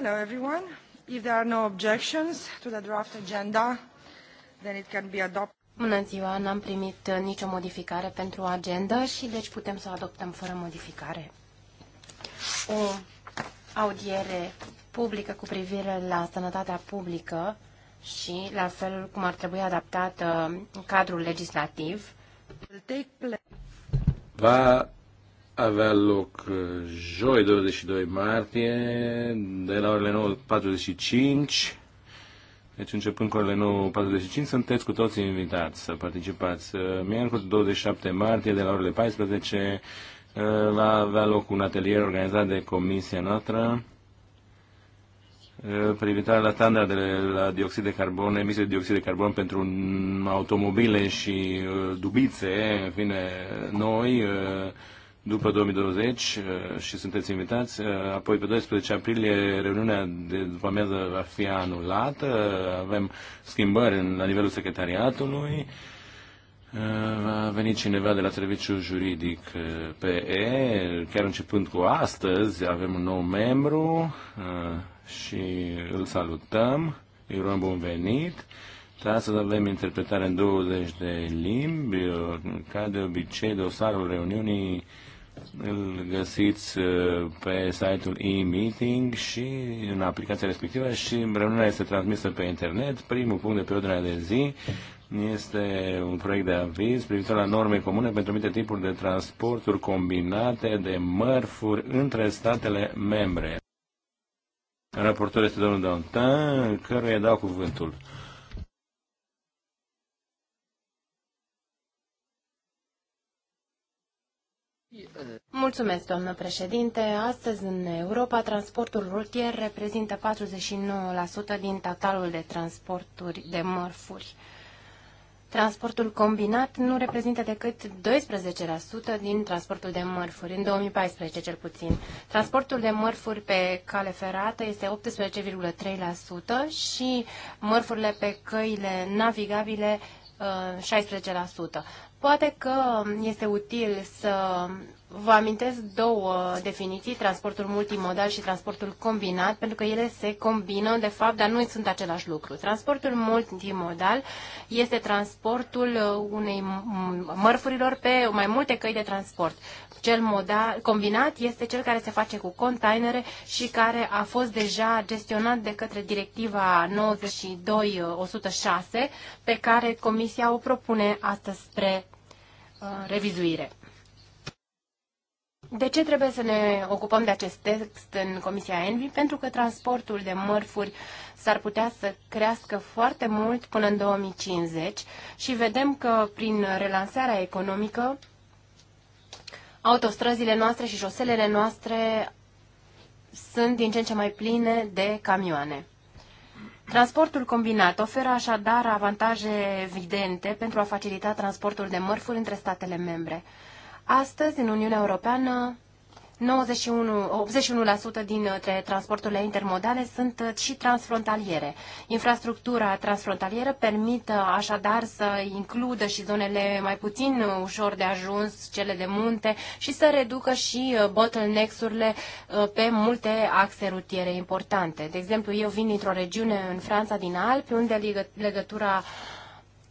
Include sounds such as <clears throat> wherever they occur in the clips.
Hello, everyone. If there are no objections to the draft agenda, then it can be adopted. Bună ziua, n-am primit uh, nicio modificare pentru agenda și deci putem să o adoptăm fără modificare. O audiere publică cu privire la sănătatea publică și la felul cum ar trebui adaptat uh, cadrul legislativ va avea loc uh, joi 22 martie de la orele 9.45 deci începând cu orele 9.45 sunteți cu toții invitați să participați. Uh, miercuri 27 martie de la orele 14 uh, va avea loc un atelier organizat de comisia noastră privitoare la standardele la dioxid de carbon, emisie de dioxid de carbon pentru automobile și dubițe, în fine, noi după 2020 uh, și sunteți invitați. Uh, apoi pe 12 aprilie reuniunea de după amiază va fi anulată. Avem schimbări în, la nivelul secretariatului. Uh, va veni cineva de la serviciu juridic PE, chiar începând cu astăzi, avem un nou membru și îl salutăm, îi urăm bun venit. Dar astăzi avem interpretare în 20 de limbi, ca de obicei dosarul reuniunii îl găsiți uh, pe site-ul e-meeting și în aplicația respectivă și reuniunea este transmisă pe internet. Primul punct de pe ordinea de zi este un proiect de aviz privitor la norme comune pentru multe tipuri de transporturi combinate de mărfuri între statele membre. Raportor este domnul Dantin, căruia dau cuvântul. Mulțumesc, doamnă președinte. Astăzi, în Europa, transportul rutier reprezintă 49% din totalul de transporturi de mărfuri. Transportul combinat nu reprezintă decât 12% din transportul de mărfuri, în 2014 cel puțin. Transportul de mărfuri pe cale ferată este 18,3% și mărfurile pe căile navigabile 16%. Uh, Poate că este util să vă amintesc două definiții, transportul multimodal și transportul combinat, pentru că ele se combină, de fapt, dar nu sunt același lucru. Transportul multimodal este transportul unei mărfurilor pe mai multe căi de transport. Cel modal, combinat este cel care se face cu containere și care a fost deja gestionat de către directiva 92-106 pe care Comisia o propune astăzi spre uh, revizuire. De ce trebuie să ne ocupăm de acest text în Comisia Envi? Pentru că transportul de mărfuri s-ar putea să crească foarte mult până în 2050 și vedem că prin relansarea economică autostrăzile noastre și șoselele noastre sunt din ce în ce mai pline de camioane. Transportul combinat oferă așadar avantaje evidente pentru a facilita transportul de mărfuri între statele membre. Astăzi, în Uniunea Europeană, 91, 81% dintre transporturile intermodale sunt uh, și transfrontaliere. Infrastructura transfrontalieră permită așadar să includă și zonele mai puțin ușor de ajuns, cele de munte, și să reducă și uh, bottlenecks-urile uh, pe multe axe rutiere importante. De exemplu, eu vin dintr-o regiune în Franța din Alpi, unde legătura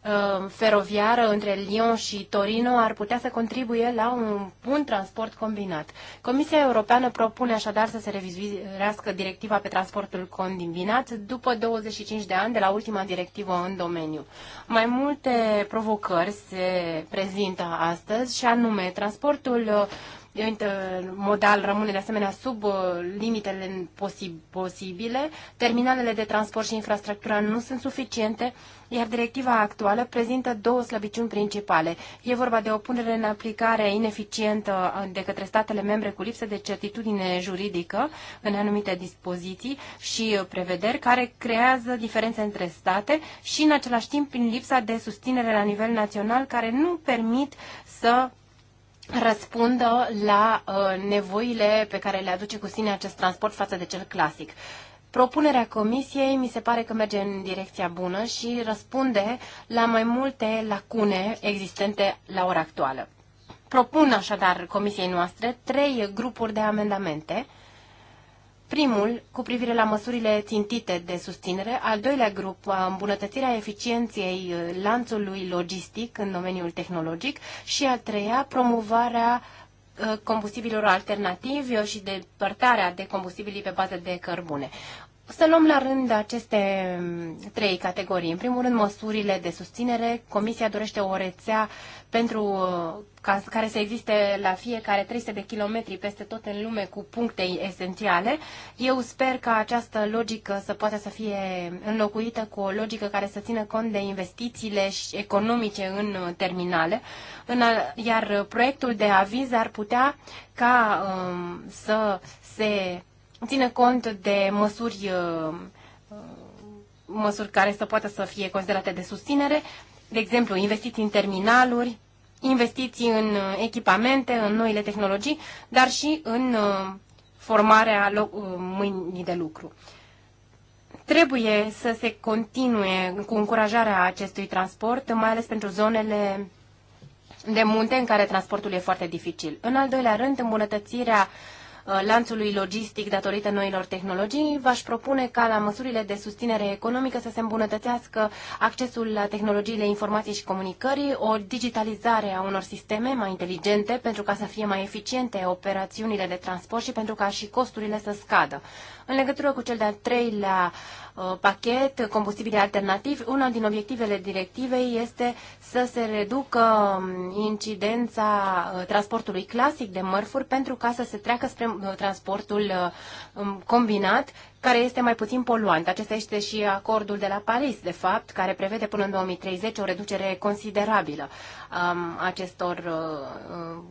Uh, feroviară între Lyon și Torino ar putea să contribuie la un bun transport combinat. Comisia Europeană propune așadar să se revizuiască directiva pe transportul combinat după 25 de ani de la ultima directivă în domeniu. Mai multe provocări se prezintă astăzi și anume transportul uh, intermodal rămâne de asemenea sub uh, limitele posibile, terminalele de transport și infrastructura nu sunt suficiente, iar directiva actuală prezintă două slăbiciuni principale. E vorba de o punere în aplicare ineficientă uh, de către statele membre cu lipsă de certitudine juridică în anumite dispoziții și uh, prevederi care creează diferențe între state și în același timp prin lipsa de susținere la nivel național care nu permit să răspundă la uh, nevoile pe care le aduce cu sine acest transport față de cel clasic. Propunerea comisiei mi se pare că merge în direcția bună și răspunde la mai multe lacune existente la ora actuală. Propun așadar comisiei noastre trei grupuri de amendamente Primul, cu privire la măsurile țintite de susținere, al doilea grup, îmbunătățirea eficienței uh, lanțului logistic în domeniul tehnologic și al treia, promovarea uh, combustibililor alternativi uh, și depărtarea de combustibilii pe bază de cărbune. Să luăm la rând aceste mm, trei categorii. În primul rând, măsurile de susținere. Comisia dorește o rețea pentru uh, ca, care să existe la fiecare 300 de kilometri peste tot în lume cu puncte esențiale. Eu sper că această logică să poată să fie înlocuită cu o logică care să țină cont de investițiile economice în uh, terminale, în, iar proiectul de aviz ar putea ca um, să se ține cont de măsuri, uh, uh, măsuri care să poată să fie considerate de susținere, de exemplu, investiții în terminaluri, investiții în uh, echipamente, în noile tehnologii, dar și în formarea mâinii de lucru. Trebuie să se continue cu încurajarea acestui transport, mai ales pentru zonele de munte în care transportul e foarte dificil. În al doilea rând, îmbunătățirea uh, Uh, lanțului logistic datorită noilor tehnologii, v-aș propune ca la măsurile de susținere economică să se îmbunătățească accesul la tehnologiile informației și comunicării, o digitalizare a unor sisteme mai inteligente pentru ca să fie mai eficiente operațiunile de transport și pentru ca și costurile să scadă. În legătură cu cel de-al treilea uh, pachet, combustibile alternativi, una din obiectivele directivei este să se reducă um, incidența uh, transportului clasic de mărfuri pentru ca să se treacă spre transportul uh, um, combinat, care este mai puțin poluant. Acesta este și acordul de la Paris, de fapt, care prevede până în 2030 o reducere considerabilă a um, acestor uh, uh,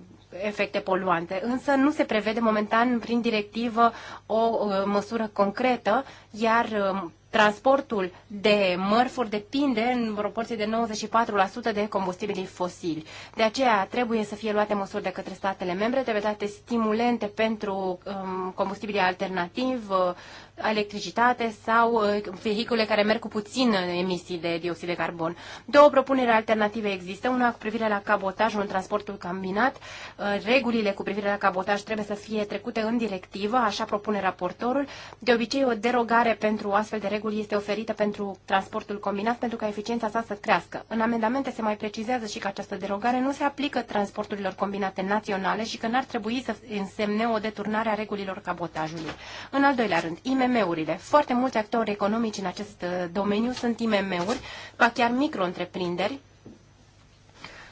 efecte poluante. Însă nu se prevede momentan prin directivă o măsură concretă, iar um, transportul de mărfuri depinde în proporție de 94% de combustibilii fosili. De aceea trebuie să fie luate măsuri de către statele membre, trebuie date stimulente pentru um, combustibilii alternativi, electricitate sau uh, vehicule care merg cu puțin uh, emisii de dioxid de carbon. Două propuneri alternative există, una cu privire la cabotajul în transportul combinat. Uh, regulile cu privire la cabotaj trebuie să fie trecute în directivă, așa propune raportorul. De obicei, o derogare pentru astfel de reguli este oferită pentru transportul combinat pentru ca eficiența sa să crească. În amendamente se mai precizează și că această derogare nu se aplică transporturilor combinate naționale și că n-ar trebui să însemne o deturnare a regulilor cabotajului. În al doilea rând, IME IMM-urile. Foarte mulți actori economici în acest uh, domeniu sunt IMM-uri, ba chiar micro-întreprinderi,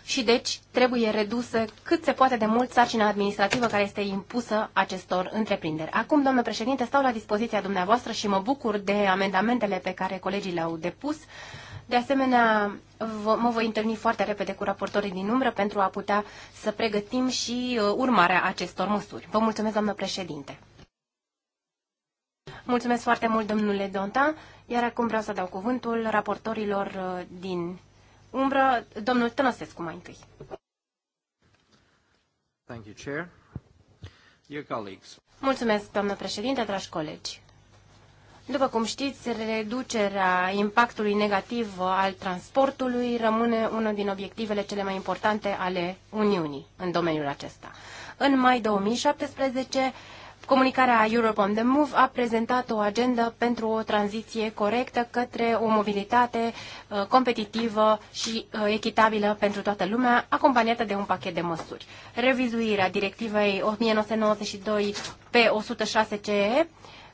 și deci trebuie redusă cât se poate de mult sarcina administrativă care este impusă acestor întreprinderi. Acum, domnule președinte, stau la dispoziția dumneavoastră și mă bucur de amendamentele pe care colegii le-au depus. De asemenea, mă voi întâlni foarte repede cu raportorii din umbră pentru a putea să pregătim și uh, urmarea acestor măsuri. Vă mulțumesc, doamnă președinte. Mulțumesc foarte mult, domnule Donta, iar acum vreau să dau cuvântul raportorilor uh, din umbră. Domnul Tănăsescu mai întâi. Thank you, Chair. Dear colleagues. Mulțumesc, doamnă președinte, dragi colegi. După cum știți, reducerea impactului negativ al transportului rămâne unul din obiectivele cele mai importante ale Uniunii în domeniul acesta. În mai 2017, Comunicarea Europe on the Move a prezentat o agendă pentru o tranziție corectă către o mobilitate uh, competitivă și uh, echitabilă pentru toată lumea, acompaniată de un pachet de măsuri. Revizuirea directivei 1992 pe 106 CE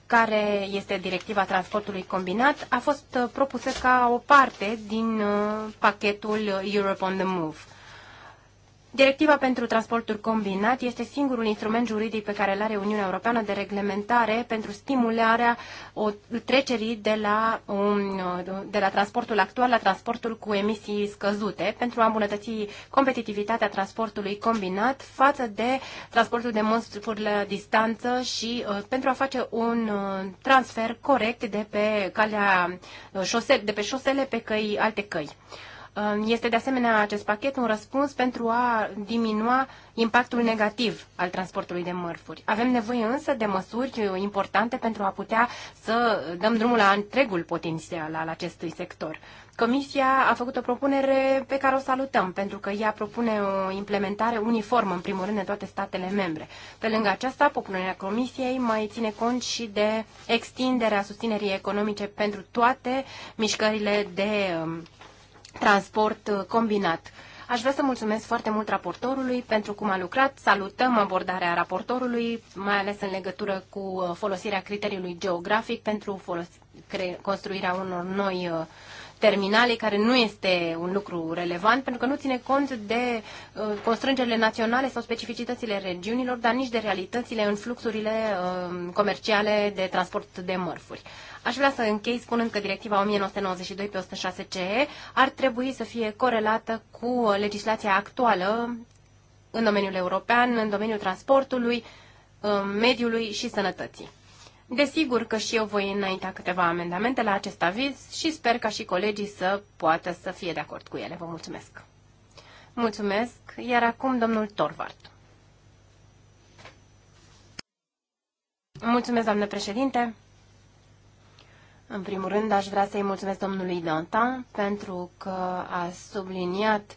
care este directiva transportului combinat, a fost uh, propusă ca o parte din pachetul Europe on the Move. Directiva pentru transportul combinat este singurul instrument juridic pe care îl are Uniunea Europeană de reglementare pentru stimularea o trecerii de la, un, de la transportul actual la transportul cu emisii scăzute pentru a îmbunătăți competitivitatea transportului combinat față de transportul de măsuri la distanță și uh, pentru a face un uh, transfer corect de pe calea uh, șose, de pe șosele pe căi alte căi. Uh, Um, este de asemenea acest pachet un răspuns pentru a diminua impactul negativ al transportului de mărfuri. Avem nevoie însă de măsuri importante pentru a putea să dăm drumul la întregul potențial al acestui sector. Comisia a făcut o propunere pe care o salutăm, pentru că ea propune o implementare uniformă, în primul rând, în toate statele membre. Pe lângă aceasta, propunerea Comisiei mai ține cont și de extinderea susținerii economice pentru toate mișcările de um, transport uh, combinat. Aș vrea să mulțumesc foarte mult raportorului pentru cum a lucrat. Salutăm abordarea raportorului, mai ales în legătură cu uh, folosirea criteriului geografic pentru construirea unor noi uh, terminale, care nu este un lucru relevant, pentru că nu ține cont de constrângerile naționale sau specificitățile regiunilor, dar nici de realitățile în fluxurile comerciale de transport de mărfuri. Aș vrea să închei spunând că directiva 1992 106 CE ar trebui să fie corelată cu legislația actuală în domeniul european, în domeniul transportului, mediului și sănătății. Desigur că și eu voi înainta câteva amendamente la acest aviz și sper ca și colegii să poată să fie de acord cu ele. Vă mulțumesc! Mulțumesc, iar acum domnul Torvart. Mulțumesc, doamnă președinte! În primul rând, aș vrea să-i mulțumesc domnului Dantan pentru că a subliniat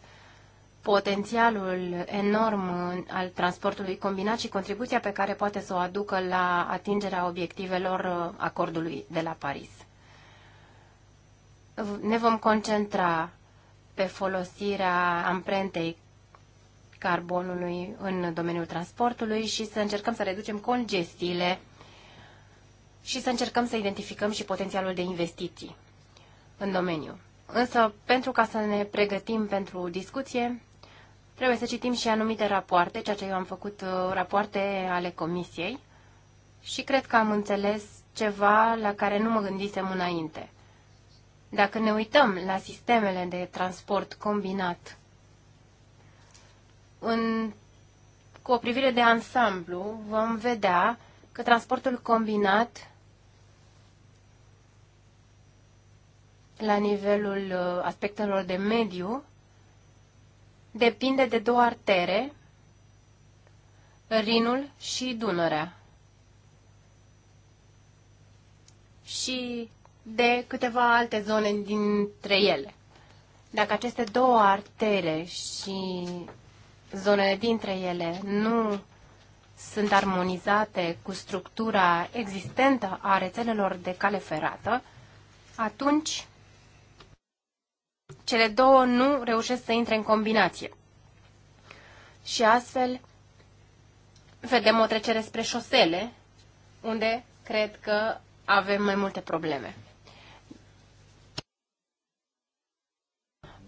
potențialul enorm al transportului combinat și contribuția pe care poate să o aducă la atingerea obiectivelor acordului de la Paris. Ne vom concentra pe folosirea amprentei carbonului în domeniul transportului și să încercăm să reducem congestiile și să încercăm să identificăm și potențialul de investiții în domeniu. Însă, pentru ca să ne pregătim pentru discuție, trebuie să citim și anumite rapoarte, ceea ce eu am făcut uh, rapoarte ale comisiei și cred că am înțeles ceva la care nu mă gândisem înainte. Dacă ne uităm la sistemele de transport combinat în, cu o privire de ansamblu, vom vedea că transportul combinat la nivelul uh, aspectelor de mediu depinde de două artere, Rinul și Dunărea. Și de câteva alte zone dintre ele. Dacă aceste două artere și zonele dintre ele nu sunt armonizate cu structura existentă a rețelelor de cale ferată, atunci cele două nu reușesc să intre în combinație. Și astfel vedem o trecere spre șosele, unde cred că avem mai multe probleme.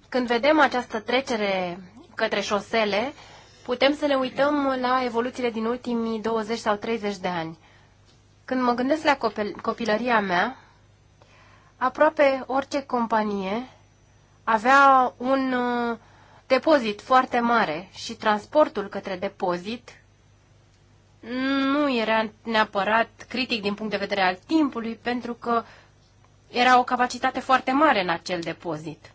Când vedem această trecere către șosele, putem să ne uităm la evoluțiile din ultimii 20 sau 30 de ani. Când mă gândesc la copil- copilăria mea, aproape orice companie avea un uh, depozit foarte mare și transportul către depozit nu era neapărat critic din punct de vedere al timpului, pentru că era o capacitate foarte mare în acel depozit.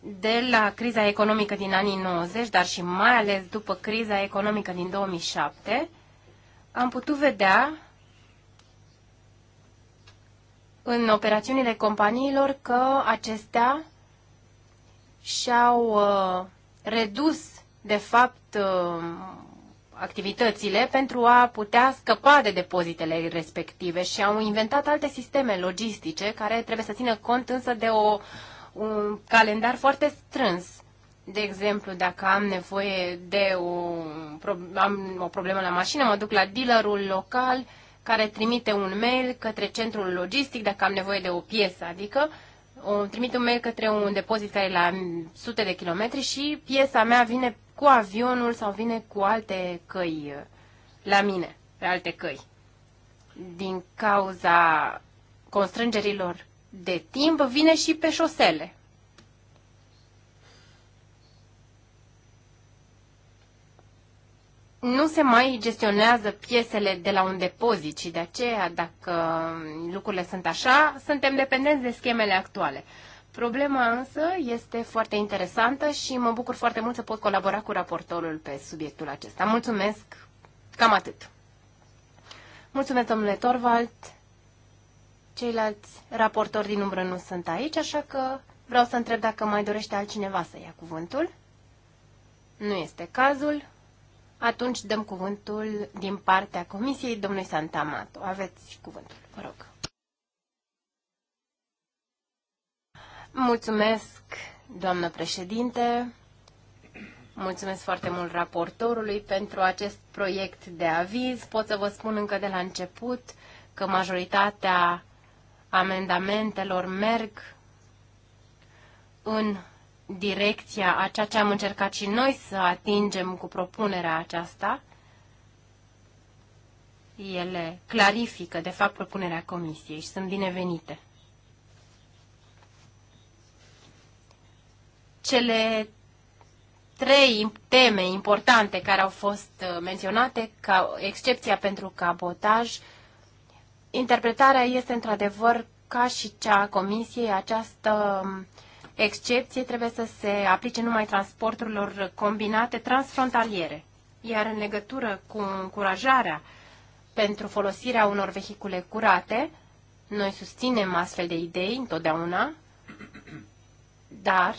De la criza economică din anii 90, dar și mai ales după criza economică din 2007, am putut vedea în operațiunile companiilor că acestea și-au uh, redus, de fapt, uh, activitățile pentru a putea scăpa de depozitele respective și au inventat alte sisteme logistice care trebuie să țină cont însă de o, un calendar foarte strâns. De exemplu, dacă am nevoie de o, am o problemă la mașină, mă duc la dealerul local care trimite un mail către centrul logistic dacă am nevoie de o piesă, adică uh, o trimit un mail către un depozit care e la sute de kilometri și piesa mea vine cu avionul sau vine cu alte căi la mine, pe alte căi. Din cauza constrângerilor de timp, vine și pe șosele. nu se mai gestionează piesele de la un depozit și de aceea, dacă lucrurile sunt așa, suntem dependenți de schemele actuale. Problema însă este foarte interesantă și mă bucur foarte mult să pot colabora cu raportorul pe subiectul acesta. Mulțumesc, cam atât. Mulțumesc, domnule Torvald. Ceilalți raportori din umbră nu sunt aici, așa că vreau să întreb dacă mai dorește altcineva să ia cuvântul. Nu este cazul. Atunci dăm cuvântul din partea Comisiei domnului Santamato. Aveți cuvântul, vă rog. Mulțumesc, doamnă președinte. Mulțumesc foarte mult raportorului pentru acest proiect de aviz. Pot să vă spun încă de la început că majoritatea amendamentelor merg în direcția a ceea ce am încercat și noi să atingem cu propunerea aceasta. Ele clarifică, de fapt, propunerea comisiei și sunt binevenite. Cele trei teme importante care au fost uh, menționate, ca excepția pentru cabotaj, interpretarea este într-adevăr ca și cea a comisiei, această uh, excepție trebuie să se aplice numai transporturilor combinate transfrontaliere. Iar în legătură cu încurajarea pentru folosirea unor vehicule curate, noi susținem astfel de idei întotdeauna, dar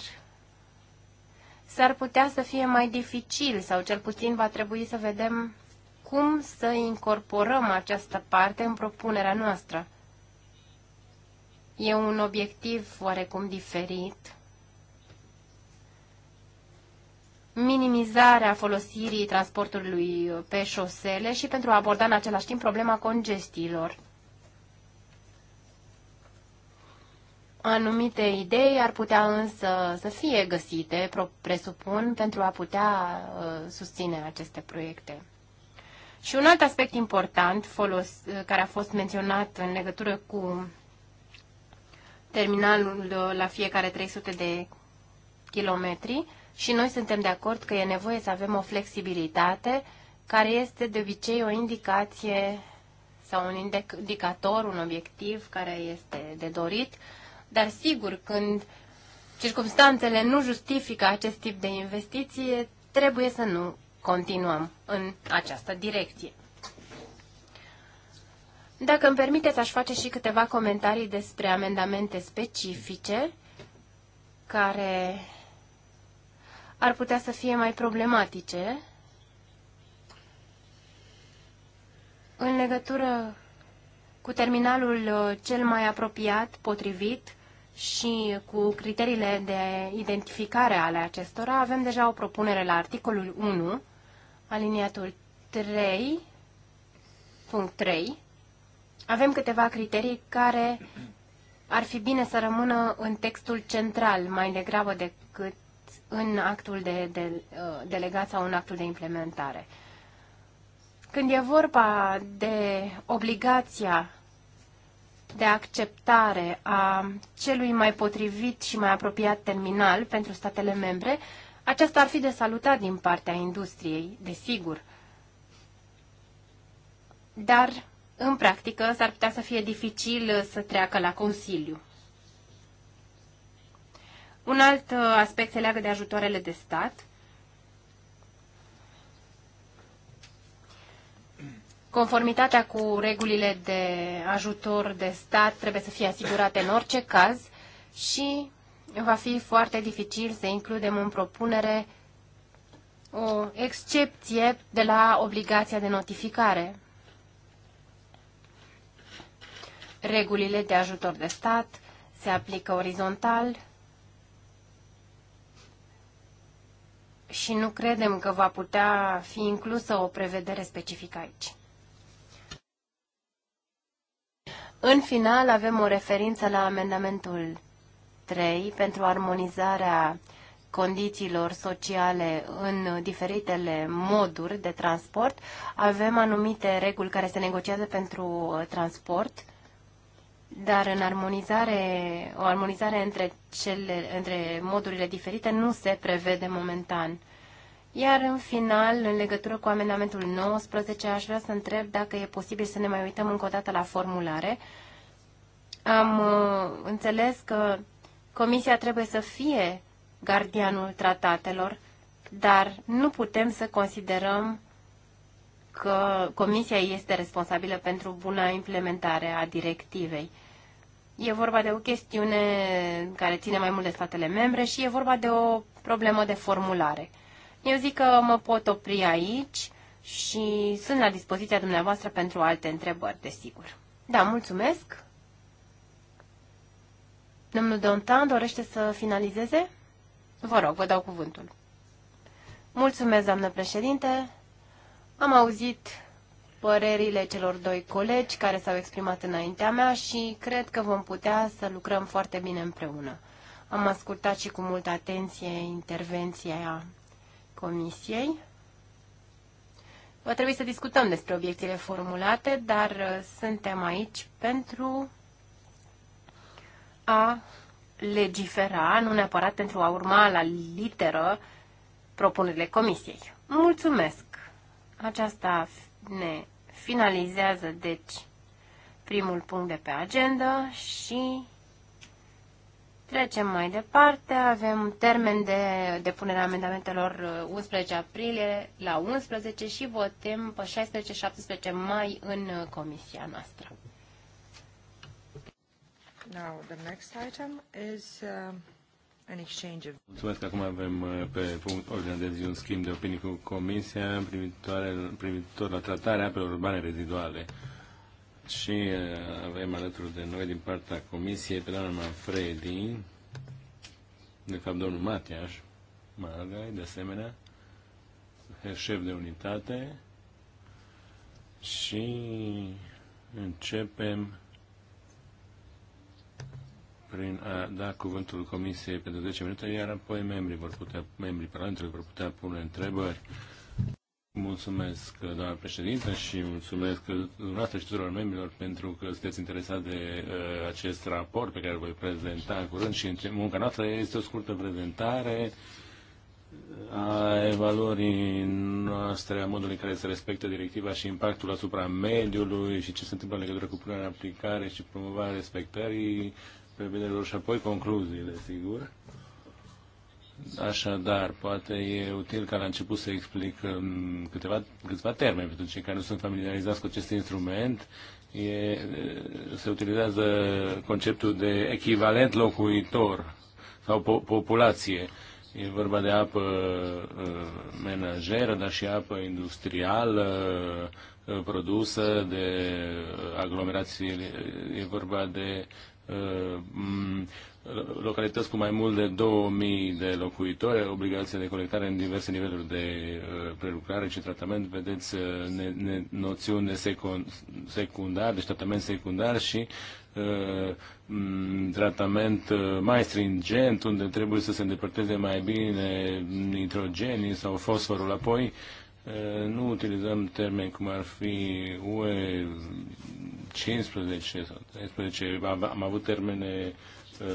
s-ar putea să fie mai dificil sau cel puțin va trebui să vedem cum să incorporăm această parte în propunerea noastră. E un obiectiv oarecum diferit. Minimizarea folosirii transportului pe șosele și pentru a aborda în același timp problema congestiilor. Anumite idei ar putea însă să fie găsite, presupun, pentru a putea uh, susține aceste proiecte. Și un alt aspect important folos, care a fost menționat în legătură cu terminalul uh, la fiecare 300 de kilometri și noi suntem de acord că e nevoie să avem o flexibilitate care este de obicei o indicație sau un indicator, un obiectiv care este de dorit, dar sigur când circumstanțele nu justifică acest tip de investiție, trebuie să nu continuăm în această direcție. Dacă îmi permiteți, aș face și câteva comentarii despre amendamente specifice care ar putea să fie mai problematice în legătură cu terminalul uh, cel mai apropiat, potrivit și cu criteriile de identificare ale acestora, avem deja o propunere la articolul 1, aliniatul 3, punct 3, avem câteva criterii care ar fi bine să rămână în textul central mai degrabă decât în actul de, de, uh, delegat sau în actul de implementare. Când e vorba de obligația de acceptare a celui mai potrivit și mai apropiat terminal pentru statele membre, aceasta ar fi de salutat din partea industriei, desigur. Dar în practică s-ar putea să fie dificil uh, să treacă la Consiliu. Un alt uh, aspect se leagă de ajutoarele de stat. Conformitatea cu regulile de ajutor de stat trebuie să fie asigurată în orice caz și va fi foarte dificil să includem în propunere o excepție de la obligația de notificare. Regulile de ajutor de stat se aplică orizontal și nu credem că va putea fi inclusă o prevedere specifică aici. În final avem o referință la amendamentul 3 pentru armonizarea condițiilor sociale în diferitele moduri de transport. Avem anumite reguli care se negociază pentru uh, transport dar în armonizare, o armonizare între, cele, între modurile diferite nu se prevede momentan. Iar în final, în legătură cu amendamentul 19, aș vrea să întreb dacă e posibil să ne mai uităm încă o dată la formulare. Am uh, înțeles că Comisia trebuie să fie gardianul tratatelor, dar nu putem să considerăm că Comisia este responsabilă pentru buna implementare a directivei. E vorba de o chestiune care ține mai mult de statele membre și e vorba de o problemă de formulare. Eu zic că mă pot opri aici și sunt la dispoziția dumneavoastră pentru alte întrebări, desigur. Da, mulțumesc. Domnul Dontan dorește să finalizeze? Vă rog, vă dau cuvântul. Mulțumesc, doamnă președinte. Am auzit părerile celor doi colegi care s-au exprimat înaintea mea și cred că vom putea să lucrăm foarte bine împreună. Am ascultat și cu multă atenție intervenția Comisiei. Va trebui să discutăm despre obiecțiile formulate, dar uh, suntem aici pentru a legifera, nu neapărat pentru a urma la literă propunerile Comisiei. Mulțumesc! Aceasta ne finalizează, deci, primul punct de pe agenda și trecem mai departe. Avem termen de depunere a amendamentelor 11 uh, aprilie la 11 și votăm pe 16-17 mai în uh, comisia noastră. Now, the next item is, uh... Mulțumesc. Acum avem uh, pe punct ordinea de zi un schimb de opinii cu Comisia privitor la tratarea apelor urbane reziduale. Și uh, avem alături de noi din partea Comisiei pe doamna Manfredi, de fapt domnul Matiaș Margai, de asemenea, șef de unitate. Și începem prin a da cuvântul Comisiei pentru 10 minute, iar apoi membrii, vor putea, membrii Parlamentului vor putea pune întrebări. Mulțumesc, doamna președintă, și mulțumesc dumneavoastră și tuturor membrilor pentru că sunteți interesat de uh, acest raport pe care îl voi prezenta în curând și munca noastră este o scurtă prezentare a evaluării noastre, a modului în care se respectă directiva și impactul asupra mediului și ce se întâmplă în legătură cu punerea în aplicare și promovarea respectării binele lor și apoi concluziile, sigur. Așadar, poate e util ca la început să explic câteva, câteva termeni pentru cei care nu sunt familiarizați cu acest instrument. E, se utilizează conceptul de echivalent locuitor sau po- populație. E vorba de apă uh, menajeră, dar și apă industrială uh, produsă de aglomerații. E vorba de Mm, localități cu mai mult de 2000 de locuitori, obligația de colectare în diverse niveluri de uh, prelucrare și tratament, vedeți uh, ne, ne, noțiuni de secund, secundar, deci tratament secundar și uh, mm, tratament mai stringent, unde trebuie să se îndepărteze mai bine nitrogenii sau fosforul. Apoi, nu utilizăm termeni cum ar fi UE 15 sau 13, am avut termene uh,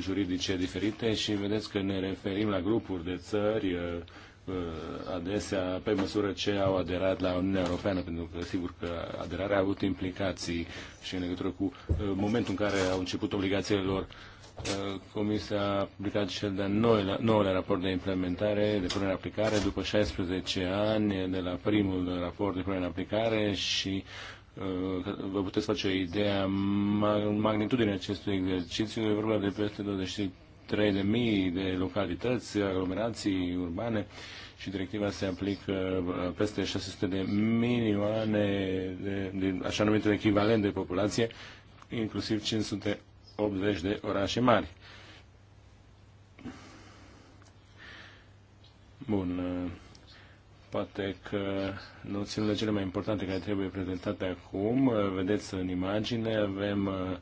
juridice diferite și vedeți că ne referim la grupuri de țări uh, uh, adesea pe măsură ce au aderat la Uniunea Europeană, pentru că sigur că aderarea a avut implicații și în legătură cu momentul în care au început obligațiile lor. Comisia a publicat cel de nouălea raport de implementare, de punere în aplicare, după 16 ani de la primul raport de punere în aplicare și Uh, vă puteți face o idee a magnitudinii acestui exercițiu. E vorba de peste 23.000 de localități, aglomerații urbane și directiva se aplică uh, peste 600 de milioane de, de așa numitul echivalent de populație, inclusiv 580 de orașe mari. Bun. Uh, Poate că noțiunile cele mai importante care trebuie prezentate acum, vedeți în imagine, avem uh,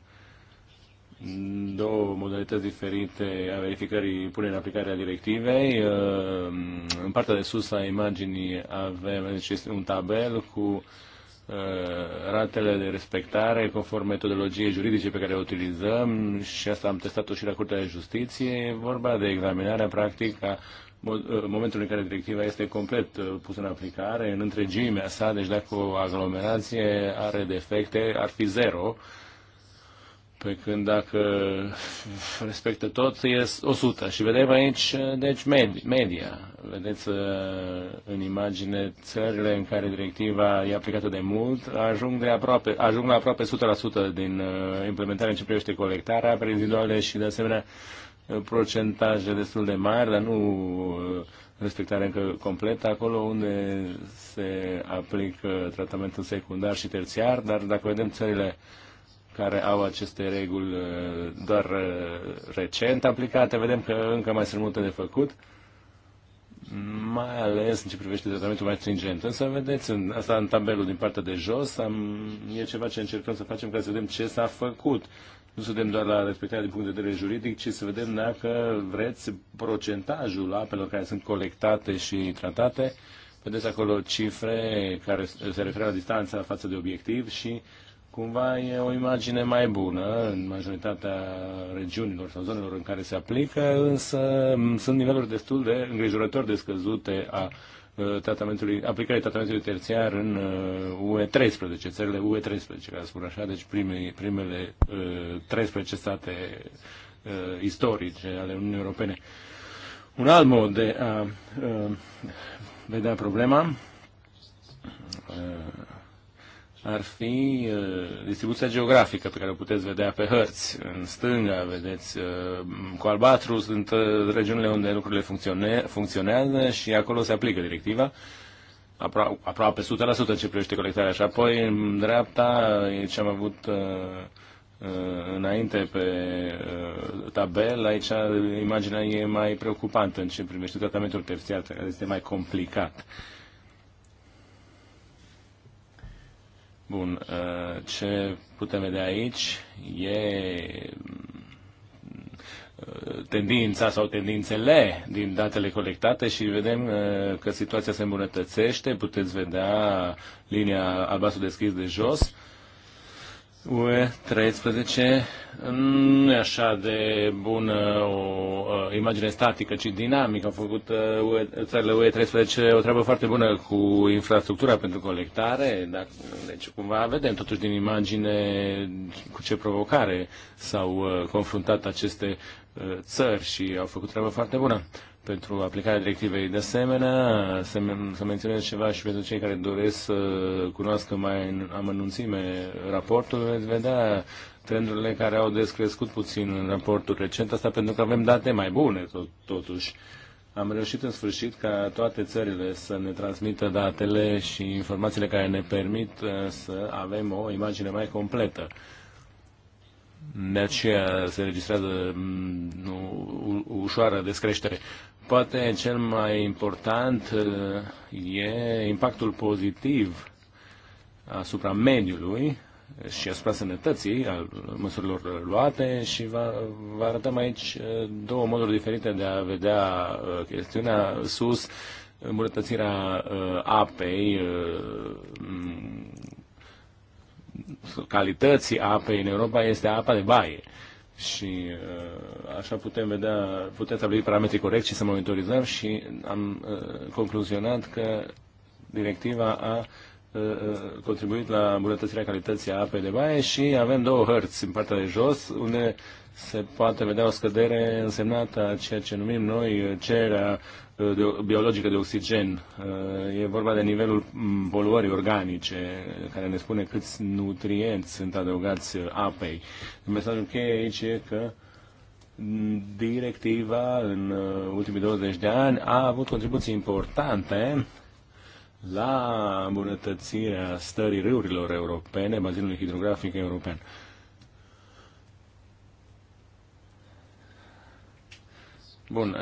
două modalități diferite a verificării punerii în aplicare a directivei. Uh, în partea de sus a imaginii avem deci este un tabel cu uh, ratele de respectare conform metodologiei juridice pe care o utilizăm și asta am testat-o și la Curtea de Justiție. E vorba de examinarea practică a Uh, momentul în care directiva este complet uh, pusă în aplicare, în întregimea sa, deci dacă o aglomerație are defecte, ar fi zero. Pe când dacă respectă tot, e 100. Și vedem aici, uh, deci, media. Vedeți în imagine țările în care directiva e aplicată de mult, ajung, de aproape, ajung la aproape 100% din implementarea în ce privește colectarea preziduale și, de asemenea, procentaje destul de mari, dar nu uh, respectarea încă completă, acolo unde se aplică tratamentul secundar și terțiar, dar dacă vedem țările care au aceste reguli uh, doar uh, recent aplicate, vedem că încă mai sunt multe de făcut, mai ales în ce privește tratamentul mai stringent. Însă, vedeți, în, asta în tabelul din partea de jos, am, e ceva ce încercăm să facem ca să vedem ce s-a făcut nu suntem doar la respectarea din punct de vedere juridic, ci să vedem dacă vreți procentajul apelor care sunt colectate și tratate. Vedeți acolo cifre care se referă la distanța față de obiectiv și cumva e o imagine mai bună în majoritatea regiunilor sau zonelor în care se aplică, însă sunt niveluri destul de îngrijorător de scăzute a Uh, tratamentului, aplicarea tratamentului terțiar în uh, UE13, țările UE13, ca spun așa, deci primele, uh, primele 13 state istorice ale Uniunii Europene. Un alt mod de a vedea problema ar fi uh, distribuția geografică pe care o puteți vedea pe hărți. În stânga vedeți uh, cu albatru sunt uh, regiunile unde lucrurile funcționează și acolo se aplică directiva apro- aproape 100% în ce privește colectarea și apoi în dreapta e ce am avut înainte pe tabel, aici imaginea e mai preocupantă în ce privește tratamentul terțiar, care este mai complicat. Bun, uh, ce putem vedea aici e uh, tendința sau tendințele din datele colectate și vedem uh, că situația se îmbunătățește. Puteți vedea linia albastru deschis de jos UE 13 nu e așa de bună o imagine statică, ci dinamică. Au făcut uh, UE, țările UE 13 o treabă foarte bună cu infrastructura pentru colectare. Dar, deci cumva vedem totuși din imagine cu ce provocare s-au uh, confruntat aceste uh, țări și au făcut treabă foarte bună pentru aplicarea directivei. De asemenea, să, men- să menționez ceva și pentru cei care doresc să cunoască mai în amănunțime raportul, veți vedea trendurile care au descrescut puțin în raportul recent, asta pentru că avem date mai bune tot, totuși. Am reușit în sfârșit ca toate țările să ne transmită datele și informațiile care ne permit uh, să avem o imagine mai completă de aceea se registrează mm, ușoară descreștere. Poate cel mai important uh, e impactul pozitiv asupra mediului și asupra sănătății al măsurilor luate și va, vă arătăm aici uh, două moduri diferite de a vedea uh, chestiunea sus, îmbunătățirea apei calității apei în Europa este apa de baie. Și uh, așa putem vedea, putem stabili parametrii corecți și să monitorizăm și am uh, concluzionat că directiva a uh, contribuit la îmbunătățirea calității apei de baie și avem două hărți în partea de jos unde se poate vedea o scădere însemnată a ceea ce numim noi cererea biologică de oxigen. E vorba de nivelul poluării organice, care ne spune câți nutrienți sunt adăugați apei. Mesajul cheie aici e că directiva în ultimii 20 de ani a avut contribuții importante la îmbunătățirea stării râurilor europene, bazinului hidrografic european. Bun, eh,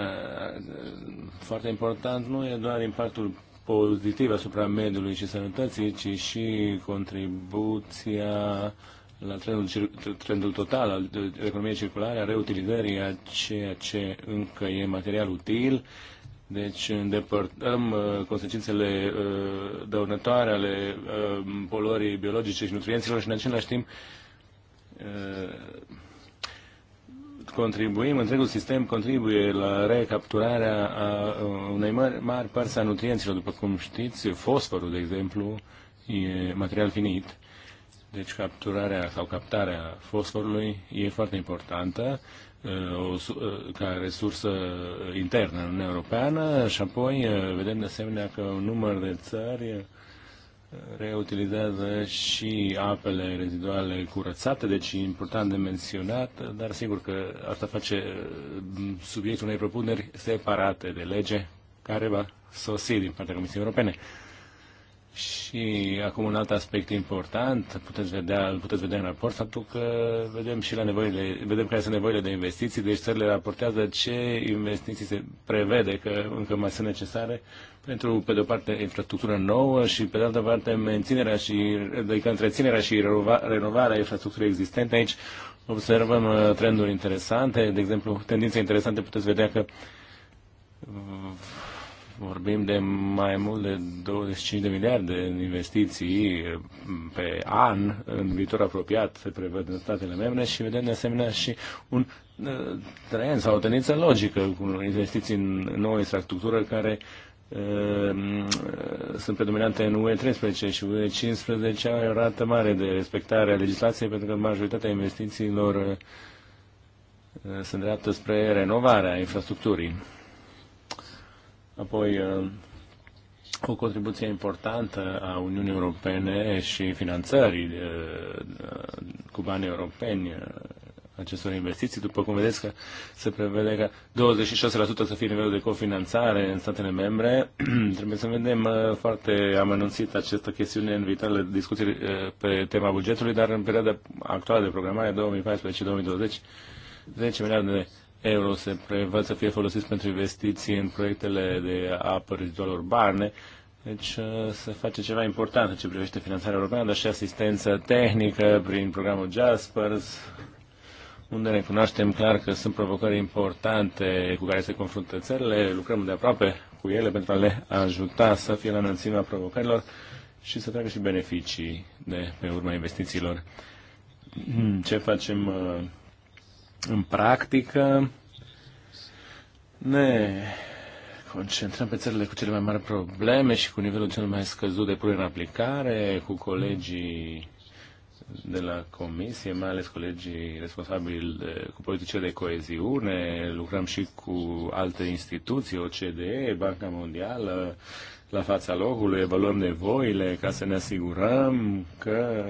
eh, foarte important nu e doar impactul pozitiv asupra mediului și sănătății, ci și contribuția la trendul, trendul total al economiei circulare, a reutilizării a ceea ce încă e material util. Deci îndepărtăm eh, consecințele dăunătoare ale poluării biologice și nutrienților și în același timp contribuim, întregul sistem contribuie la recapturarea a unei mari, mari părți a nutrienților. După cum știți, fosforul, de exemplu, e material finit. Deci capturarea sau captarea fosforului e foarte importantă o, ca resursă internă în Uniunea Europeană și apoi vedem de asemenea că un număr de țări reutilizează și apele reziduale curățate, deci e important de menționat, dar sigur că asta face subiectul unei propuneri separate de lege care va sosi din partea Comisiei Europene. Și acum un alt aspect important, puteți vedea, îl puteți vedea în raport, faptul că vedem și la nevoile, vedem care sunt nevoile de investiții, deci țările raportează ce investiții se prevede că încă mai sunt necesare pentru, pe de o parte, infrastructură nouă și, pe de altă parte, menținerea și, adică întreținerea și renovarea infrastructurii existente. Aici observăm uh, trenduri interesante, de exemplu, tendințe interesante, puteți vedea că vorbim de mai mult de 25 de miliarde în investiții pe an, în viitor apropiat, se prevăd în statele membre și vedem de asemenea și un uh, tren sau o tendință logică cu investiții în nouă infrastructură care uh, sunt predominante în UE 13 și UE 15 au o rată mare de respectare a legislației pentru că majoritatea investițiilor uh, se îndreaptă spre renovarea infrastructurii. Apoi, uh, o contribuție importantă a Uniunii Europene și finanțării uh, uh, cu bani europeni acestor investiții. După cum vedeți că se prevede că 26% să fie nivelul de cofinanțare în statele membre. <clears throat> Trebuie să vedem foarte amănunțit această chestiune în viitoarele discuții pe tema bugetului, dar în perioada actuală de programare 2014-2020, 10 miliarde de euro se prevăd să fie folosiți pentru investiții în proiectele de apă residual urbane, deci uh, se face ceva important în ce privește finanțarea europeană, dar și asistență tehnică prin programul Jaspers, unde recunoaștem clar că sunt provocări importante cu care se confruntă țările, lucrăm de aproape cu ele pentru a le ajuta să fie la înălțimea provocărilor și să tragă și beneficii de pe urma investițiilor. Hmm, ce facem uh, în practică, ne concentrăm pe țările cu cele mai mari probleme și cu nivelul cel mai scăzut de punere în aplicare, cu colegii de la comisie, mai ales colegii responsabili de, cu politicile de coeziune, lucrăm și cu alte instituții, OCDE, Banca Mondială, uh, la fața locului, evaluăm nevoile ca să ne asigurăm că,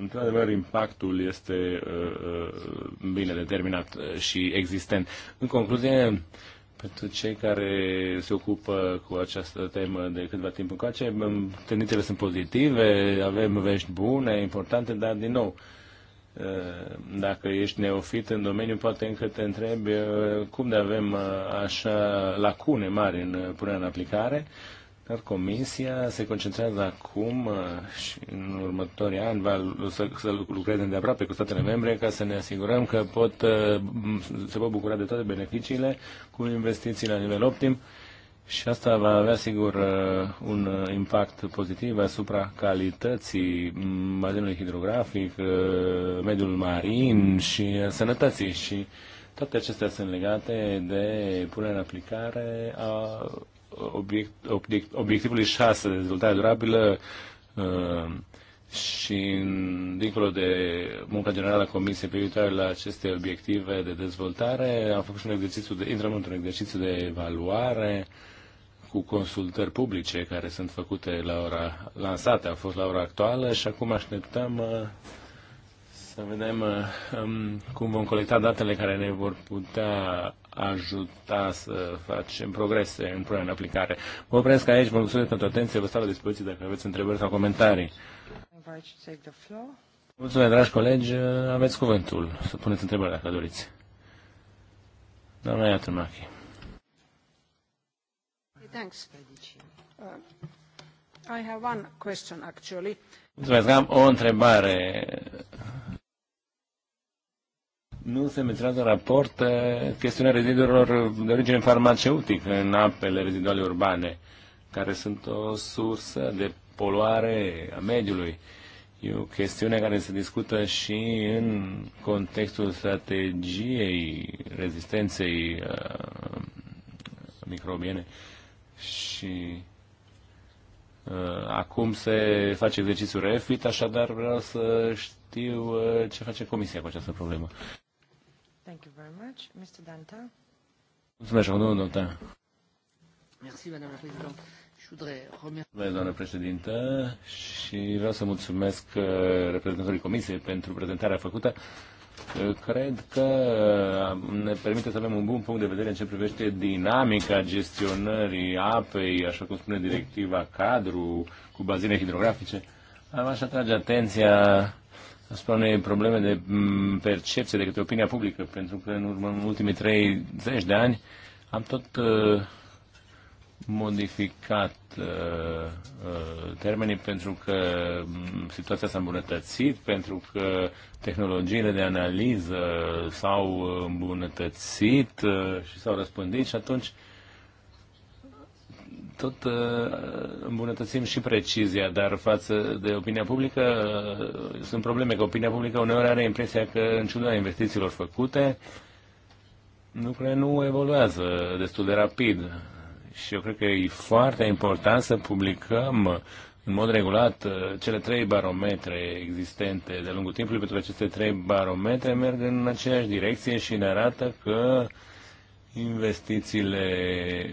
într-adevăr, impactul este uh, uh, bine determinat și existent. În concluzie, pentru cei care se ocupă cu această temă de câtva timp încoace, tendințele sunt pozitive, avem vești bune, importante, dar, din nou, uh, dacă ești neofit în domeniu, poate încă te întrebi cum de avem așa lacune mari în punerea în aplicare. Dar Comisia se concentrează acum uh, și în următorii ani va să, să lucreze de aproape cu statele membre ca să ne asigurăm că pot, uh, se pot bucura de toate beneficiile cu investiții la nivel optim și asta va avea sigur uh, un impact pozitiv asupra calității bazinului hidrografic, mediul marin și sănătății și toate acestea sunt legate de punerea în aplicare a obiect, obiect, obiectivului 6 de dezvoltare durabilă uh, și dincolo de munca generală a Comisiei privitoare la aceste obiective de dezvoltare, am făcut și un exercițiu de, intrăm într-un exercițiu de evaluare cu consultări publice care sunt făcute la ora lansate, au fost la ora actuală și acum așteptăm uh, să vedem uh, um, cum vom colecta datele care ne vor putea ajuta să facem progrese în punerea în aplicare. Vă opresc aici, vă mulțumesc pentru atenție, vă stau la dispoziție dacă aveți întrebări sau comentarii. Mulțumesc, dragi colegi, aveți cuvântul să puneți întrebări dacă doriți. Doamna Iatrânache. Uh, mulțumesc, am o întrebare nu se menționează în raport chestiunea rezidurilor de origine farmaceutică în apele reziduale urbane, care sunt o sursă de poluare a mediului. E o chestiune care se discută și în contextul strategiei rezistenței uh, microbiene și uh, acum se face exercițiul refit, așadar vreau să știu uh, ce face Comisia cu această problemă. Thank you very much. Mr. Dantin. Mulțumesc, domnul Dantin. Merci, madame la présidente. Mulțumesc, doamnă președintă, și vreau să mulțumesc uh, reprezentantului Comisiei pentru prezentarea făcută. Uh, cred că uh, ne permite să avem un bun punct de vedere în ce privește dinamica gestionării apei, așa cum spune directiva cadru, cu bazine hidrografice. Am aș atrage atenția asupra unei probleme de mm, percepție de către opinia publică, pentru că în urmă, în ultimii 30 de ani, am tot uh, modificat uh, uh, termenii pentru că mm, situația s-a îmbunătățit, pentru că tehnologiile de analiză s-au îmbunătățit și s-au răspândit și atunci uh, tot uh, îmbunătățim și precizia, dar față de opinia publică uh, sunt probleme, că opinia publică uneori are impresia că, în ciuda investițiilor făcute, lucrurile nu evoluează destul de rapid. Și eu cred că e foarte important să publicăm în mod regulat uh, cele trei barometre existente de-a lungul timpului, pentru că aceste trei barometre merg în aceeași direcție și ne arată că uh, Investițiile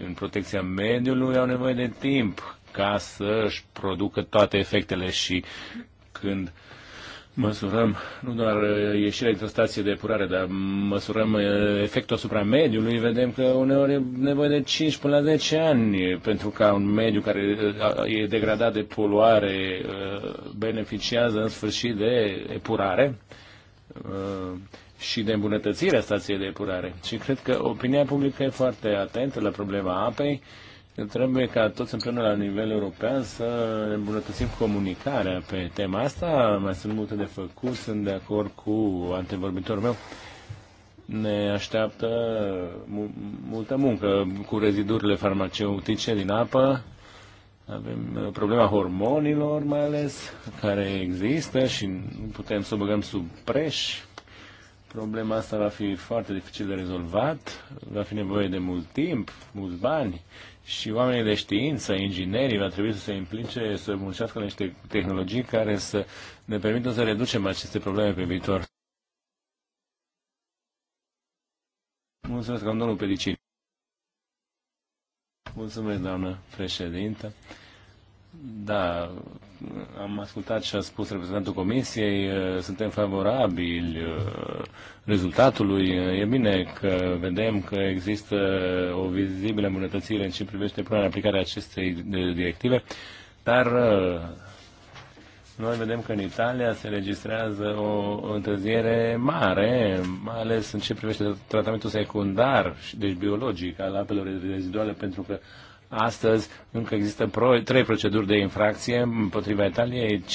în protecția mediului au nevoie de timp ca să își producă toate efectele și când măsurăm nu doar uh, ieșirea dintr-o stație de epurare, dar măsurăm uh, efectul asupra mediului, vedem că uneori e nevoie de 5 până la 10 ani pentru ca un mediu care uh, e degradat de poluare beneficiază în sfârșit de epurare și de îmbunătățirea stației de epurare. Și cred că opinia publică e foarte atentă la problema apei. Trebuie ca toți împreună la nivel european să îmbunătățim comunicarea pe tema asta. Mai sunt multe de făcut, sunt de acord cu antevorbitorul meu. Ne așteaptă multă muncă cu rezidurile farmaceutice din apă. Avem uh, problema hormonilor mai ales, care există și nu putem să o băgăm sub preș Problema asta va fi foarte dificil de rezolvat, va fi nevoie de mult timp, mulți bani și oamenii de știință, inginerii, va trebui să se implice, să muncească la niște tehnologii care să ne permită să reducem aceste probleme pe viitor. Mulțumesc, domnul Pedicini. Mulțumesc, doamnă președintă. Da, am ascultat ce a spus reprezentantul Comisiei, eh, suntem favorabili eh, rezultatului. Eh, e bine că vedem că există o vizibilă îmbunătățire în ce privește până aplicarea aplicare a acestei directive, dar noi vedem că în Italia se registrează o întârziere mare, mai ales în ce privește tratamentul secundar, deci biologic, al apelor reziduale, pentru că Astăzi încă există pro, trei proceduri de infracție împotriva Italiei, C560-10,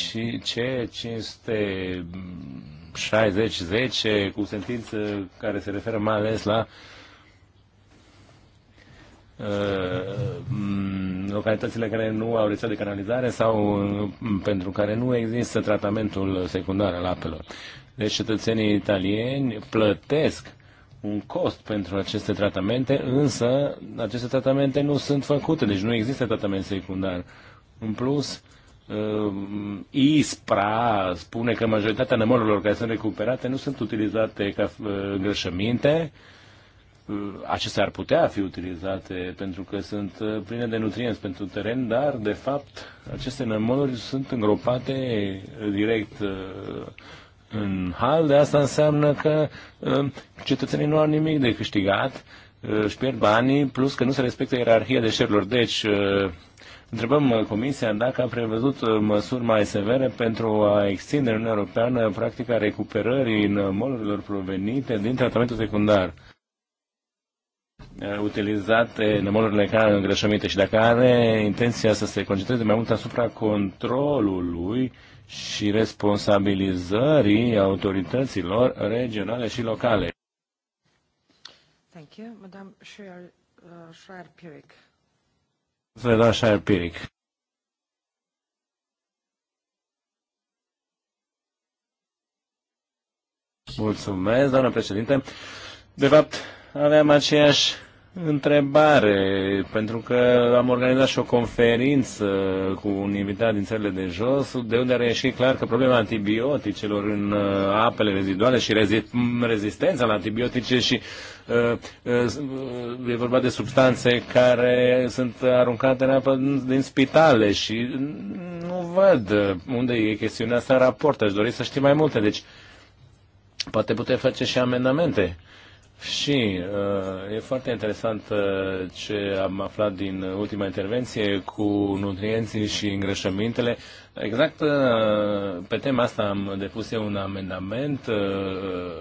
cu sentință care se referă mai ales la uh, localitățile care nu au rețea de canalizare sau uh, pentru care nu există tratamentul secundar al apelor. Deci cetățenii italieni plătesc un cost pentru aceste tratamente, însă aceste tratamente nu sunt făcute, deci nu există tratament secundar. În plus, uh, ISPRA spune că majoritatea nemorilor care sunt recuperate nu sunt utilizate ca uh, îngrășăminte, uh, acestea ar putea fi utilizate pentru că sunt pline de nutrienți pentru teren, dar, de fapt, aceste nămoluri sunt îngropate direct în hal, de asta înseamnă că uh, cetățenii nu au nimic de câștigat, uh, își pierd banii, plus că nu se respectă ierarhia deșeurilor. Deci, uh, întrebăm Comisia dacă a prevăzut măsuri mai severe pentru a extinde în Uniunea Europeană practica recuperării în molurilor provenite din tratamentul secundar utilizate în molurile care îngrășăminte și dacă are intenția să se concentreze mai mult asupra controlului uh, și responsabilizării autorităților regionale și locale. Thank you. uh, piric Mulțumesc, doamnă președinte. De fapt, aveam aceeași întrebare, pentru că am organizat și o conferință cu un invitat din țările de jos, de unde a reieșit clar că problema antibioticelor în uh, apele reziduale și mm, rezistența la antibiotice și uh, uh, e vorba de substanțe care sunt aruncate în apă din spitale și nu văd unde e chestiunea asta în raport. Aș dori să știu mai multe. Deci, poate puteți face și amendamente și uh, e foarte interesant uh, ce am aflat din ultima intervenție cu nutrienții și îngrășămintele. Exact uh, pe tema asta am depus eu un amendament uh,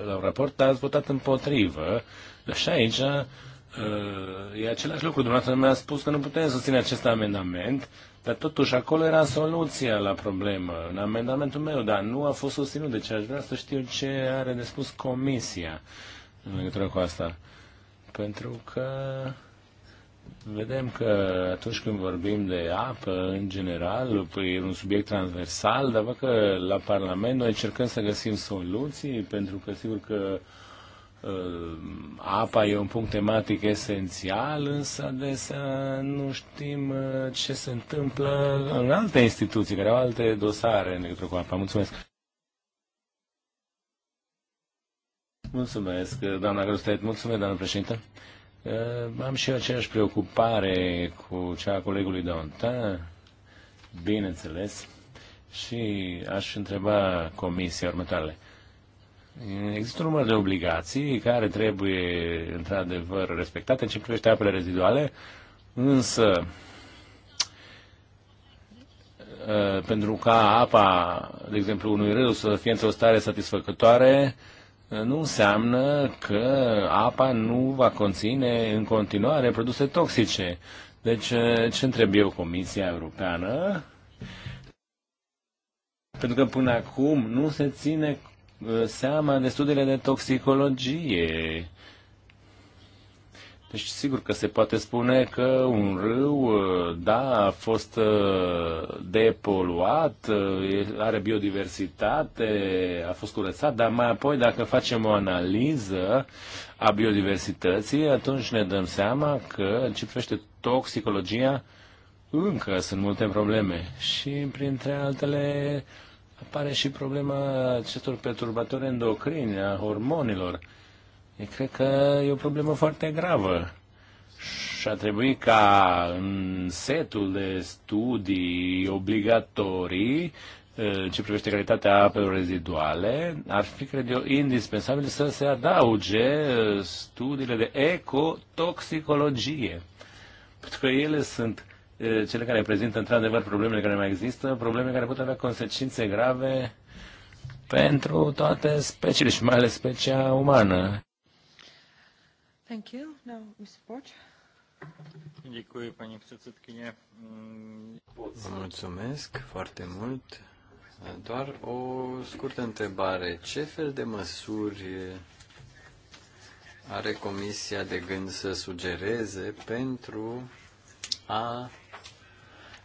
la un raport, dar ați votat împotrivă. Și aici uh, e același lucru. Dumneavoastră mi-a spus că nu putem susține acest amendament, dar totuși acolo era soluția la problemă, în amendamentul meu, dar nu a fost susținut. Deci aș vrea să știu ce are de spus comisia în legătură cu asta. Pentru că vedem că atunci când vorbim de apă, în general, păi e un subiect transversal, dar văd că la Parlament noi încercăm să găsim soluții, pentru că sigur că ă, apa e un punct tematic esențial, însă adesea nu știm ă, ce se întâmplă în alte instituții care au alte dosare în legătură cu apa. Mulțumesc! Mulțumesc, doamna Grostet. Mulțumesc, doamna președinte. Uh, am și eu aceeași preocupare cu cea a colegului Donta, bineînțeles, și aș întreba comisia următoarele. Există un număr de obligații care trebuie, într-adevăr, respectate în ce privește apele reziduale, însă uh, pentru ca apa, de exemplu, unui râu să fie într-o stare satisfăcătoare, nu înseamnă că apa nu va conține în continuare produse toxice. Deci, eh, ce întreb eu Comisia Europeană? Pentru că până acum nu se ține eh, seama de studiile de toxicologie deci sigur că se poate spune că un râu, uh, da, a fost uh, depoluat, uh, are biodiversitate, a fost curățat, dar mai apoi dacă facem o analiză a biodiversității, atunci ne dăm seama că în ce privește toxicologia, încă sunt multe probleme și printre altele apare și problema acestor perturbatori endocrini, a hormonilor eu cred că e o problemă foarte gravă. Și a trebuit ca în setul de studii obligatorii ce privește calitatea apelor reziduale, ar fi, cred eu, indispensabil să se adauge studiile de ecotoxicologie. Pentru că ele sunt cele care prezintă într-adevăr problemele care mai există, probleme care pot avea consecințe grave pentru toate speciile și mai ales specia umană. Mulțumesc foarte mult. Doar o scurtă întrebare. Ce fel de măsuri are Comisia de gând să sugereze pentru a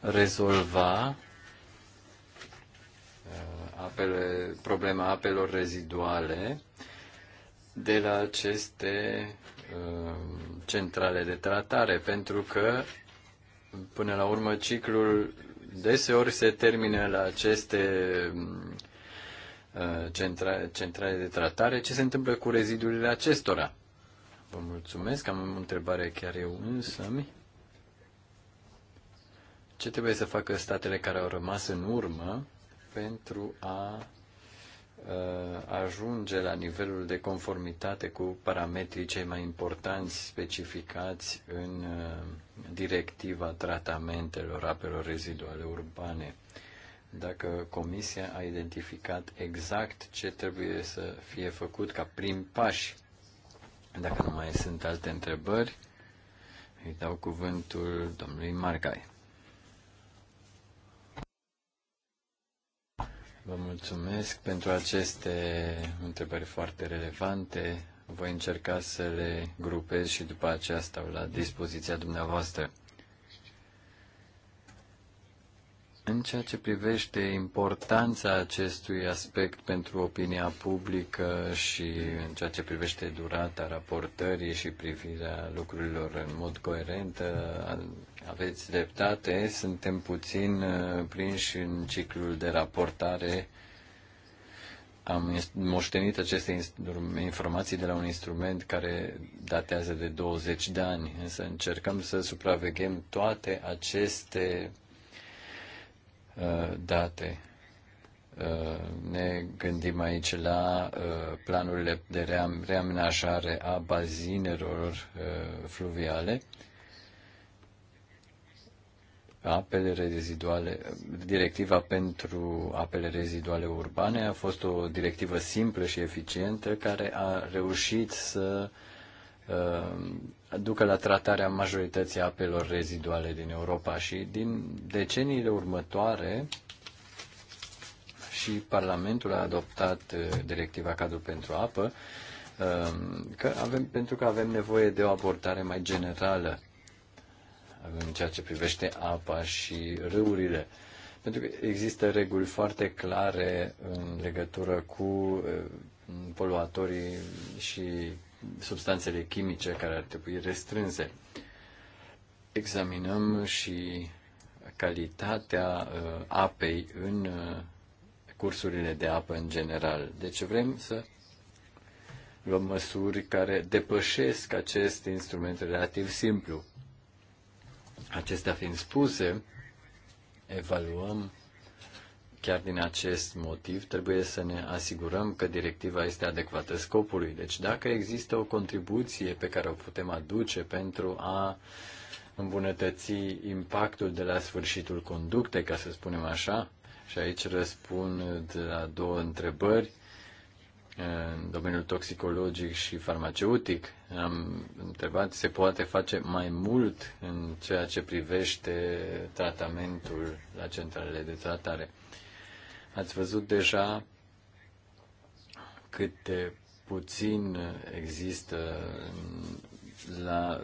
rezolva uh, apele, problema apelor reziduale de la aceste uh, centrale de tratare, pentru că, până la urmă, ciclul deseori se termină la aceste uh, centra, centrale de tratare. Ce se întâmplă cu rezidurile acestora? Vă mulțumesc, am o întrebare chiar eu mi Ce trebuie să facă statele care au rămas în urmă pentru a Uh, ajunge la nivelul de conformitate cu parametrii cei mai importanți specificați în uh, directiva tratamentelor apelor reziduale urbane. Dacă Comisia a identificat exact ce trebuie să fie făcut ca prim pași, dacă nu mai sunt alte întrebări, îi dau cuvântul domnului Margai. Vă mulțumesc pentru aceste întrebări foarte relevante. Voi încerca să le grupez și după aceasta la dispoziția dumneavoastră. În ceea ce privește importanța acestui aspect pentru opinia publică și în ceea ce privește durata raportării și privirea lucrurilor în mod coerent, aveți dreptate, suntem puțin prinși în ciclul de raportare. Am moștenit aceste informații de la un instrument care datează de 20 de ani, însă încercăm să supraveghem toate aceste Uh, date. Uh, ne gândim aici la uh, planurile de reamenajare a bazinelor fluviale, apele reziduale, directiva pentru apele reziduale urbane a fost o directivă simplă și eficientă care a reușit să uh, Uh, ducă la tratarea majorității apelor reziduale din Europa și din deceniile următoare și Parlamentul a adoptat uh, directiva cadru pentru apă uh, că avem, pentru că avem nevoie de o abordare mai generală în ceea ce privește apa și râurile. Pentru că există reguli foarte clare în legătură cu poluatorii și substanțele chimice care ar trebui restrânse. Examinăm și calitatea uh, apei în uh, cursurile de apă în general. Deci vrem să luăm măsuri care depășesc acest instrument relativ simplu. Acestea fiind spuse, evaluăm Chiar din acest motiv trebuie să ne asigurăm că directiva este adecvată scopului. Deci dacă există o contribuție pe care o putem aduce pentru a îmbunătăți impactul de la sfârșitul conductei, ca să spunem așa, și aici răspund la două întrebări în domeniul toxicologic și farmaceutic. Am întrebat, se poate face mai mult în ceea ce privește tratamentul la centralele de tratare? Ați văzut deja cât de puțin există la,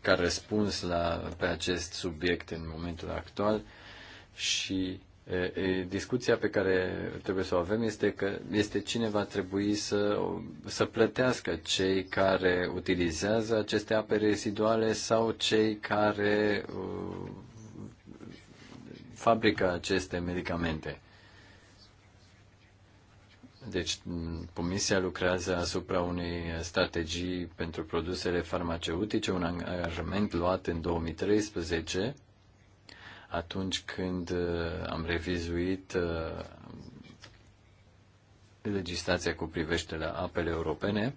ca răspuns la, pe acest subiect în momentul actual și e, e, discuția pe care trebuie să o avem este că este cine va trebui să, să plătească cei care utilizează aceste ape reziduale sau cei care uh, fabrică aceste medicamente. Deci, Comisia lucrează asupra unei strategii pentru produsele farmaceutice, un angajament luat în 2013, atunci când uh, am revizuit uh, legislația cu privește la apele europene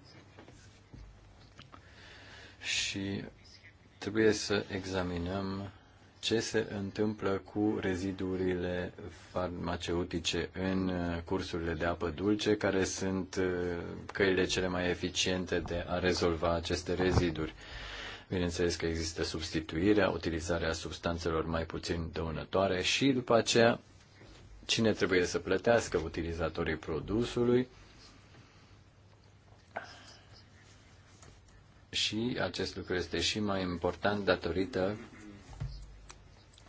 și trebuie să examinăm ce se întâmplă cu reziduurile farmaceutice în uh, cursurile de apă dulce, care sunt uh, căile cele mai eficiente de a rezolva aceste reziduri. Bineînțeles că există substituirea, utilizarea substanțelor mai puțin dăunătoare și după aceea cine trebuie să plătească utilizatorii produsului și acest lucru este și mai important datorită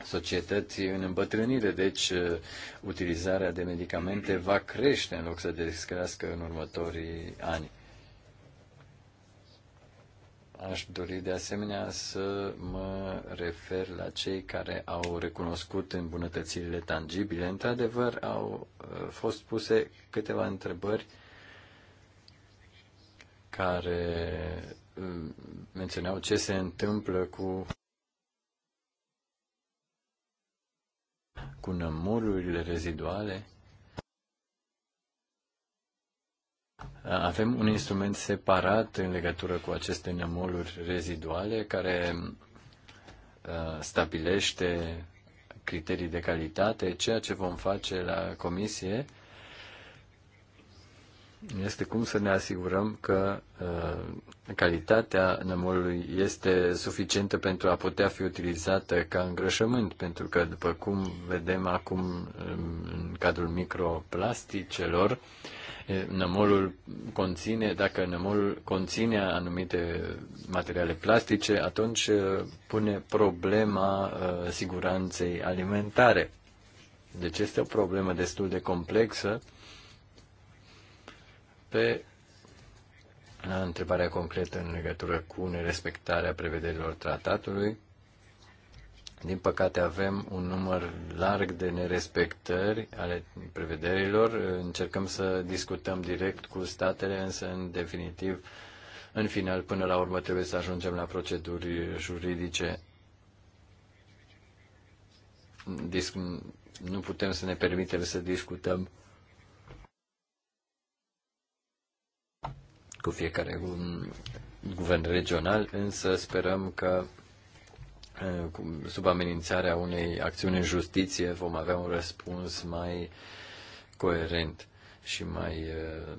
societăți în îmbătrânire, deci uh, utilizarea de medicamente va crește în loc să descrească în următorii ani. Aș dori de asemenea să mă refer la cei care au recunoscut îmbunătățirile tangibile. Într-adevăr, au uh, fost puse câteva întrebări care uh, menționau ce se întâmplă cu cu nămururile reziduale. Avem un instrument separat în legătură cu aceste nămoluri reziduale care uh, stabilește criterii de calitate, ceea ce vom face la comisie este cum să ne asigurăm că uh, calitatea nămolului este suficientă pentru a putea fi utilizată ca îngrășământ, pentru că, după cum vedem acum um, în cadrul microplasticelor, nămolul conține, dacă nămolul conține anumite materiale plastice, atunci uh, pune problema uh, siguranței alimentare. Deci este o problemă destul de complexă pe la întrebarea concretă în legătură cu nerespectarea prevederilor tratatului. Din păcate avem un număr larg de nerespectări ale prevederilor. Încercăm să discutăm direct cu statele, însă în definitiv, în final, până la urmă trebuie să ajungem la proceduri juridice. nu putem să ne permitem să discutăm cu fiecare um, guvern regional, însă sperăm că uh, sub amenințarea unei acțiuni în justiție vom avea un răspuns mai coerent și mai uh,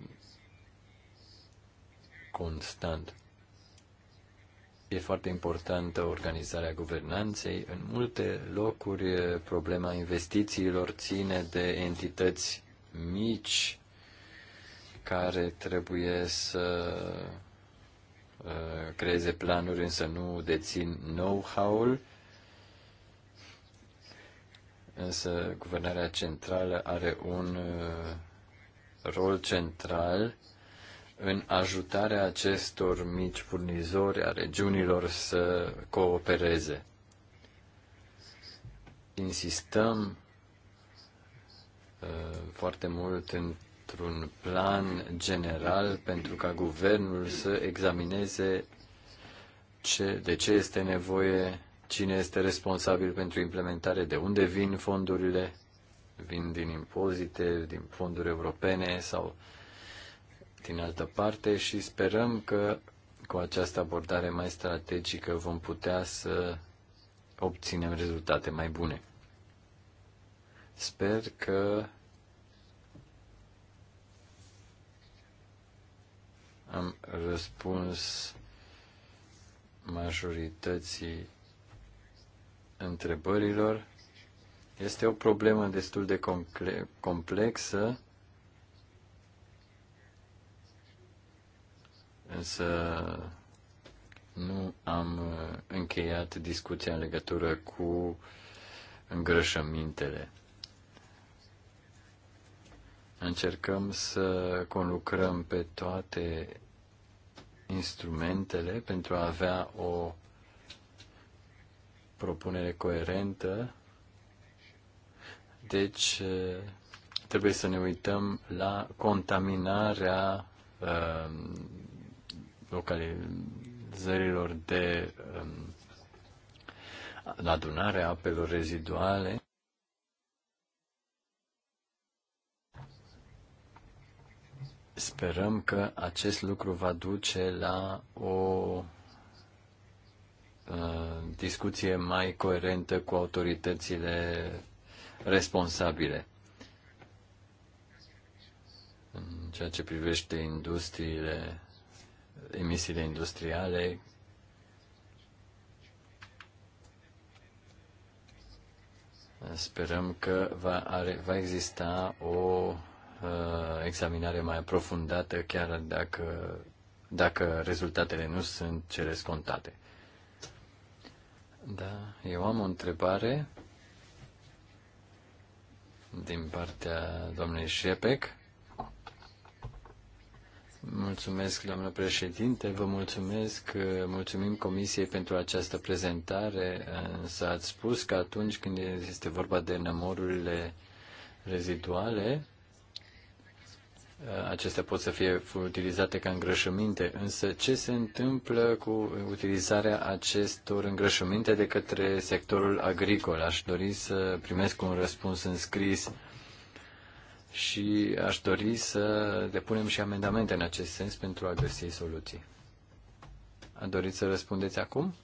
constant. E foarte importantă organizarea guvernanței. În multe locuri, uh, problema investițiilor ține de entități mici care trebuie să uh, creeze planuri, însă nu dețin know-how-ul. Însă guvernarea centrală are un uh, rol central în ajutarea acestor mici furnizori a regiunilor să coopereze. Insistăm uh, foarte mult în într-un plan general pentru ca guvernul să examineze ce, de ce este nevoie, cine este responsabil pentru implementare, de unde vin fondurile, vin din impozite, din fonduri europene sau din altă parte și sperăm că cu această abordare mai strategică vom putea să obținem rezultate mai bune. Sper că am răspuns majorității întrebărilor. Este o problemă destul de complexă, însă nu am uh, încheiat discuția în legătură cu îngrășămintele. Încercăm să conlucrăm pe toate instrumentele pentru a avea o propunere coerentă. Deci, trebuie să ne uităm la contaminarea um, localizărilor de um, adunare a apelor reziduale. Sperăm că acest lucru va duce la o uh, discuție mai coerentă cu autoritățile responsabile în ceea ce privește industriile, emisiile industriale. Sperăm că va, are, va exista o Uh, examinare mai aprofundată, chiar dacă, dacă rezultatele nu sunt cele scontate. Da, eu am o întrebare din partea domnului Șepec. Mulțumesc, doamnă președinte, vă mulțumesc, uh, mulțumim Comisiei pentru această prezentare, s ați spus că atunci când este vorba de nămorurile reziduale, acestea pot să fie utilizate ca îngrășăminte, însă ce se întâmplă cu utilizarea acestor îngrășăminte de către sectorul agricol? Aș dori să primesc un răspuns în scris și aș dori să depunem și amendamente în acest sens pentru a găsi soluții. A dorit să răspundeți acum?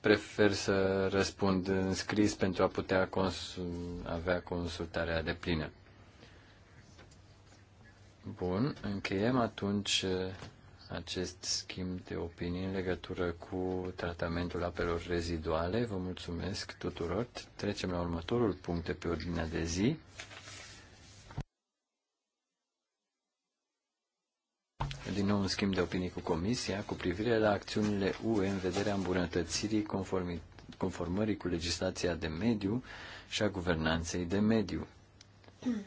Prefer să răspund în scris pentru a putea cons- avea consultarea de plină. Bun, încheiem atunci uh, acest schimb de opinii în legătură cu tratamentul apelor reziduale. Vă mulțumesc tuturor. Trecem la următorul punct de pe ordinea de zi. Din nou un schimb de opinii cu Comisia cu privire la acțiunile UE în vederea îmbunătățirii conformării cu legislația de mediu și a guvernanței de mediu. Mm.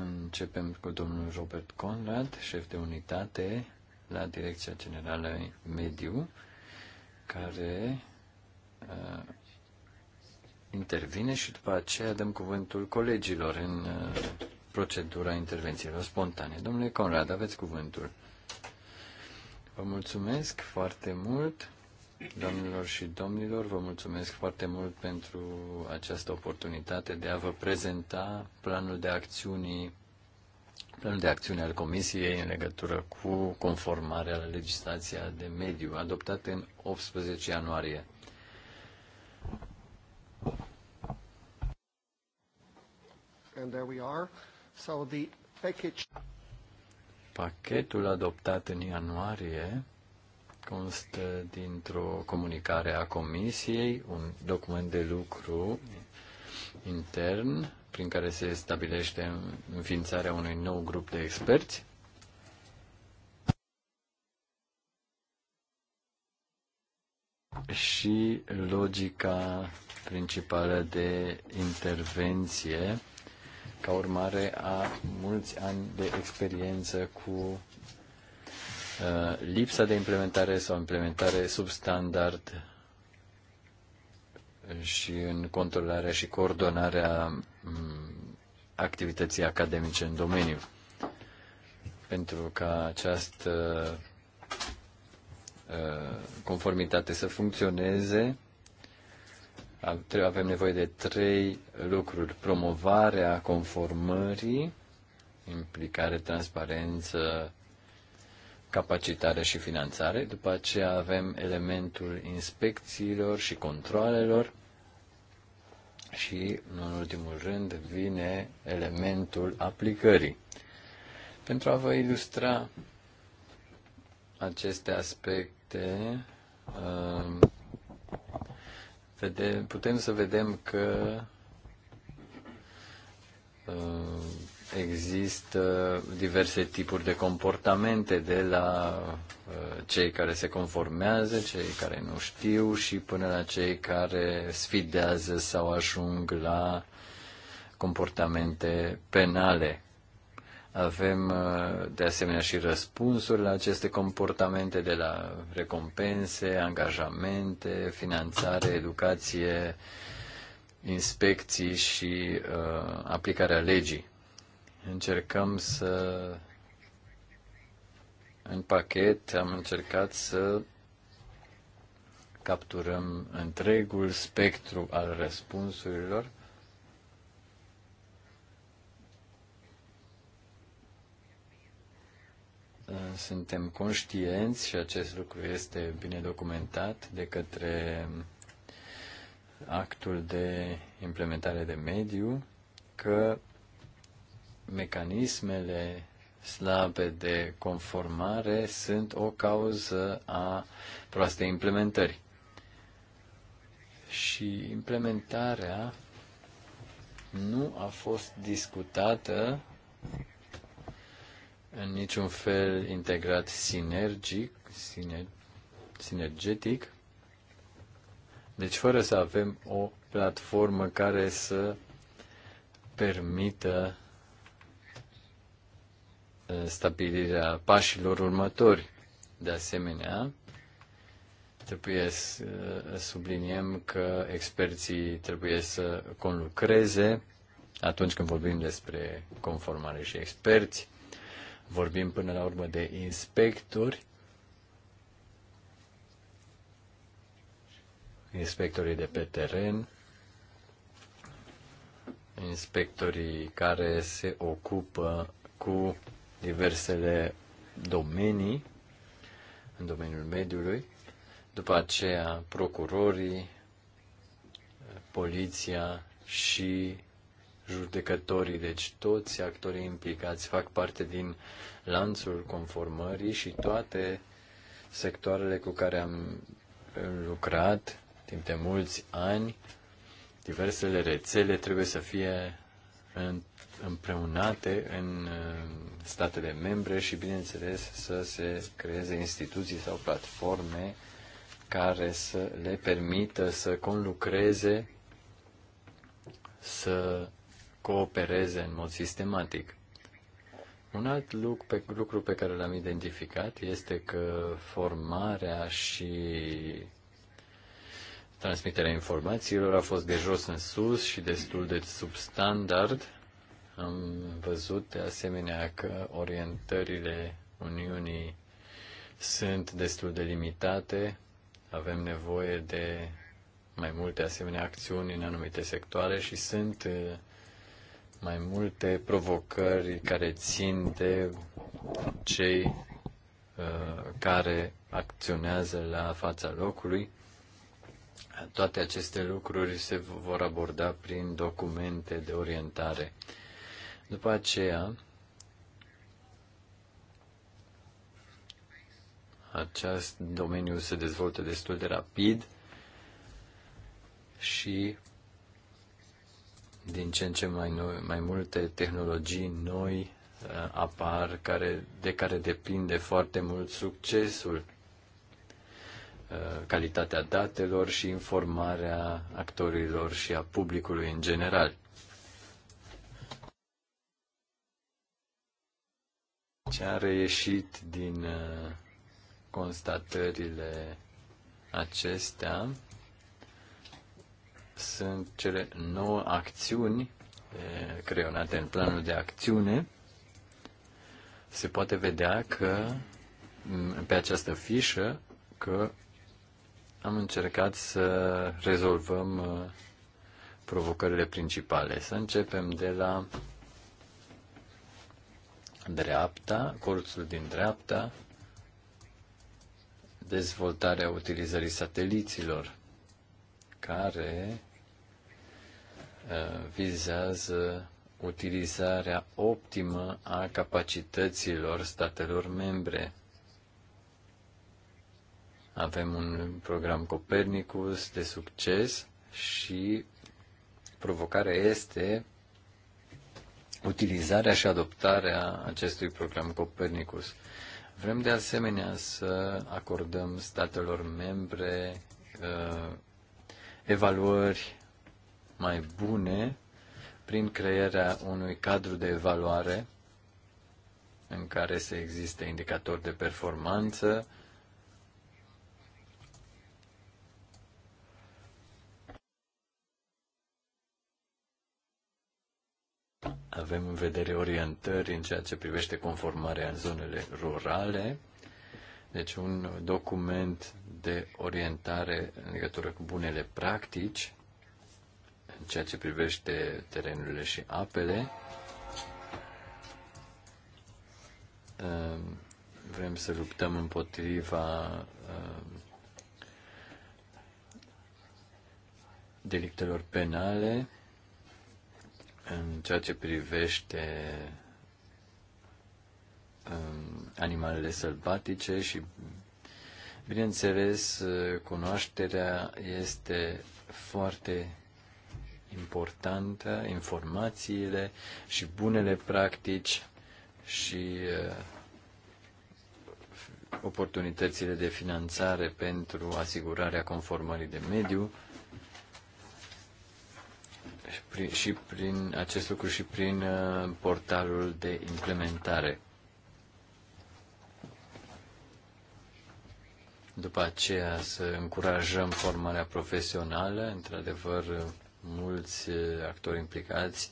Începem cu domnul Robert Conrad, șef de unitate la Direcția Generală Mediu, care uh, intervine și după aceea dăm cuvântul colegilor în uh, procedura intervențiilor spontane. Domnule Conrad, aveți cuvântul. Vă mulțumesc foarte mult. Domnilor și domnilor, vă mulțumesc foarte mult pentru această oportunitate de a vă prezenta planul de acțiuni planul de acțiune al Comisiei în legătură cu conformarea la legislația de mediu adoptată în 18 ianuarie. And there we are. So the package... Pachetul adoptat în ianuarie constă dintr-o comunicare a Comisiei, un document de lucru intern prin care se stabilește înființarea unui nou grup de experți. și logica principală de intervenție ca urmare a mulți ani de experiență cu Uh, lipsa de implementare sau implementare substandard și în controlarea și coordonarea mm, activității academice în domeniu. Pentru ca această uh, conformitate să funcționeze, avem nevoie de trei lucruri. Promovarea conformării, implicare, transparență capacitare și finanțare, după aceea avem elementul inspecțiilor și controalelor și, în ultimul rând, vine elementul aplicării. Pentru a vă ilustra aceste aspecte, um, putem să vedem că um, există diverse tipuri de comportamente, de la uh, cei care se conformează, cei care nu știu și până la cei care sfidează sau ajung la comportamente penale. Avem uh, de asemenea și răspunsuri la aceste comportamente de la recompense, angajamente, finanțare, educație, inspecții și uh, aplicarea legii încercăm să în pachet am încercat să capturăm întregul spectru al răspunsurilor suntem conștienți și acest lucru este bine documentat de către actul de implementare de mediu că mecanismele slabe de conformare sunt o cauză a proastei implementări. Și implementarea nu a fost discutată în niciun fel integrat sinergic, siner, sinergetic, deci fără să avem o platformă care să permită stabilirea pașilor următori. De asemenea, trebuie să subliniem că experții trebuie să conlucreze atunci când vorbim despre conformare și experți. Vorbim până la urmă de inspectori, inspectorii de pe teren, inspectorii care se ocupă cu diversele domenii în domeniul mediului. După aceea, procurorii, poliția și judecătorii, deci toți actorii implicați fac parte din lanțul conformării și toate sectoarele cu care am lucrat timp de mulți ani, diversele rețele trebuie să fie în împreunate în statele membre și, bineînțeles, să se creeze instituții sau platforme care să le permită să conlucreze, să coopereze în mod sistematic. Un alt lucru pe, lucru pe care l-am identificat este că formarea și transmiterea informațiilor a fost de jos în sus și destul de substandard am văzut de asemenea că orientările Uniunii sunt destul de limitate. Avem nevoie de mai multe asemenea acțiuni în anumite sectoare și sunt uh, mai multe provocări care țin de cei uh, care acționează la fața locului. Toate aceste lucruri se vor aborda prin documente de orientare. După aceea, acest domeniu se dezvoltă destul de rapid și din ce în ce mai, noi, mai multe tehnologii noi uh, apar care, de care depinde foarte mult succesul, uh, calitatea datelor și informarea actorilor și a publicului în general. ce a reieșit din uh, constatările acestea sunt cele nouă acțiuni creionate în planul de acțiune. Se poate vedea că pe această fișă că am încercat să rezolvăm uh, provocările principale. Să începem de la dreapta, colțul din dreapta, dezvoltarea utilizării sateliților, care uh, vizează utilizarea optimă a capacităților statelor membre. Avem un program Copernicus de succes și provocarea este utilizarea și adoptarea acestui program Copernicus. Vrem de asemenea să acordăm statelor membre uh, evaluări mai bune prin crearea unui cadru de evaluare în care să existe indicatori de performanță Avem în vedere orientări în ceea ce privește conformarea în zonele rurale, deci un document de orientare în legătură cu bunele practici în ceea ce privește terenurile și apele. Ehm, vrem să luptăm împotriva ehm, delictelor penale în ceea ce privește um, animalele sălbatice și, bineînțeles, uh, cunoașterea este foarte importantă, informațiile și bunele practici și uh, oportunitățile de finanțare pentru asigurarea conformării de mediu și prin acest lucru și prin uh, portalul de implementare. După aceea să încurajăm formarea profesională. Într-adevăr, mulți uh, actori implicați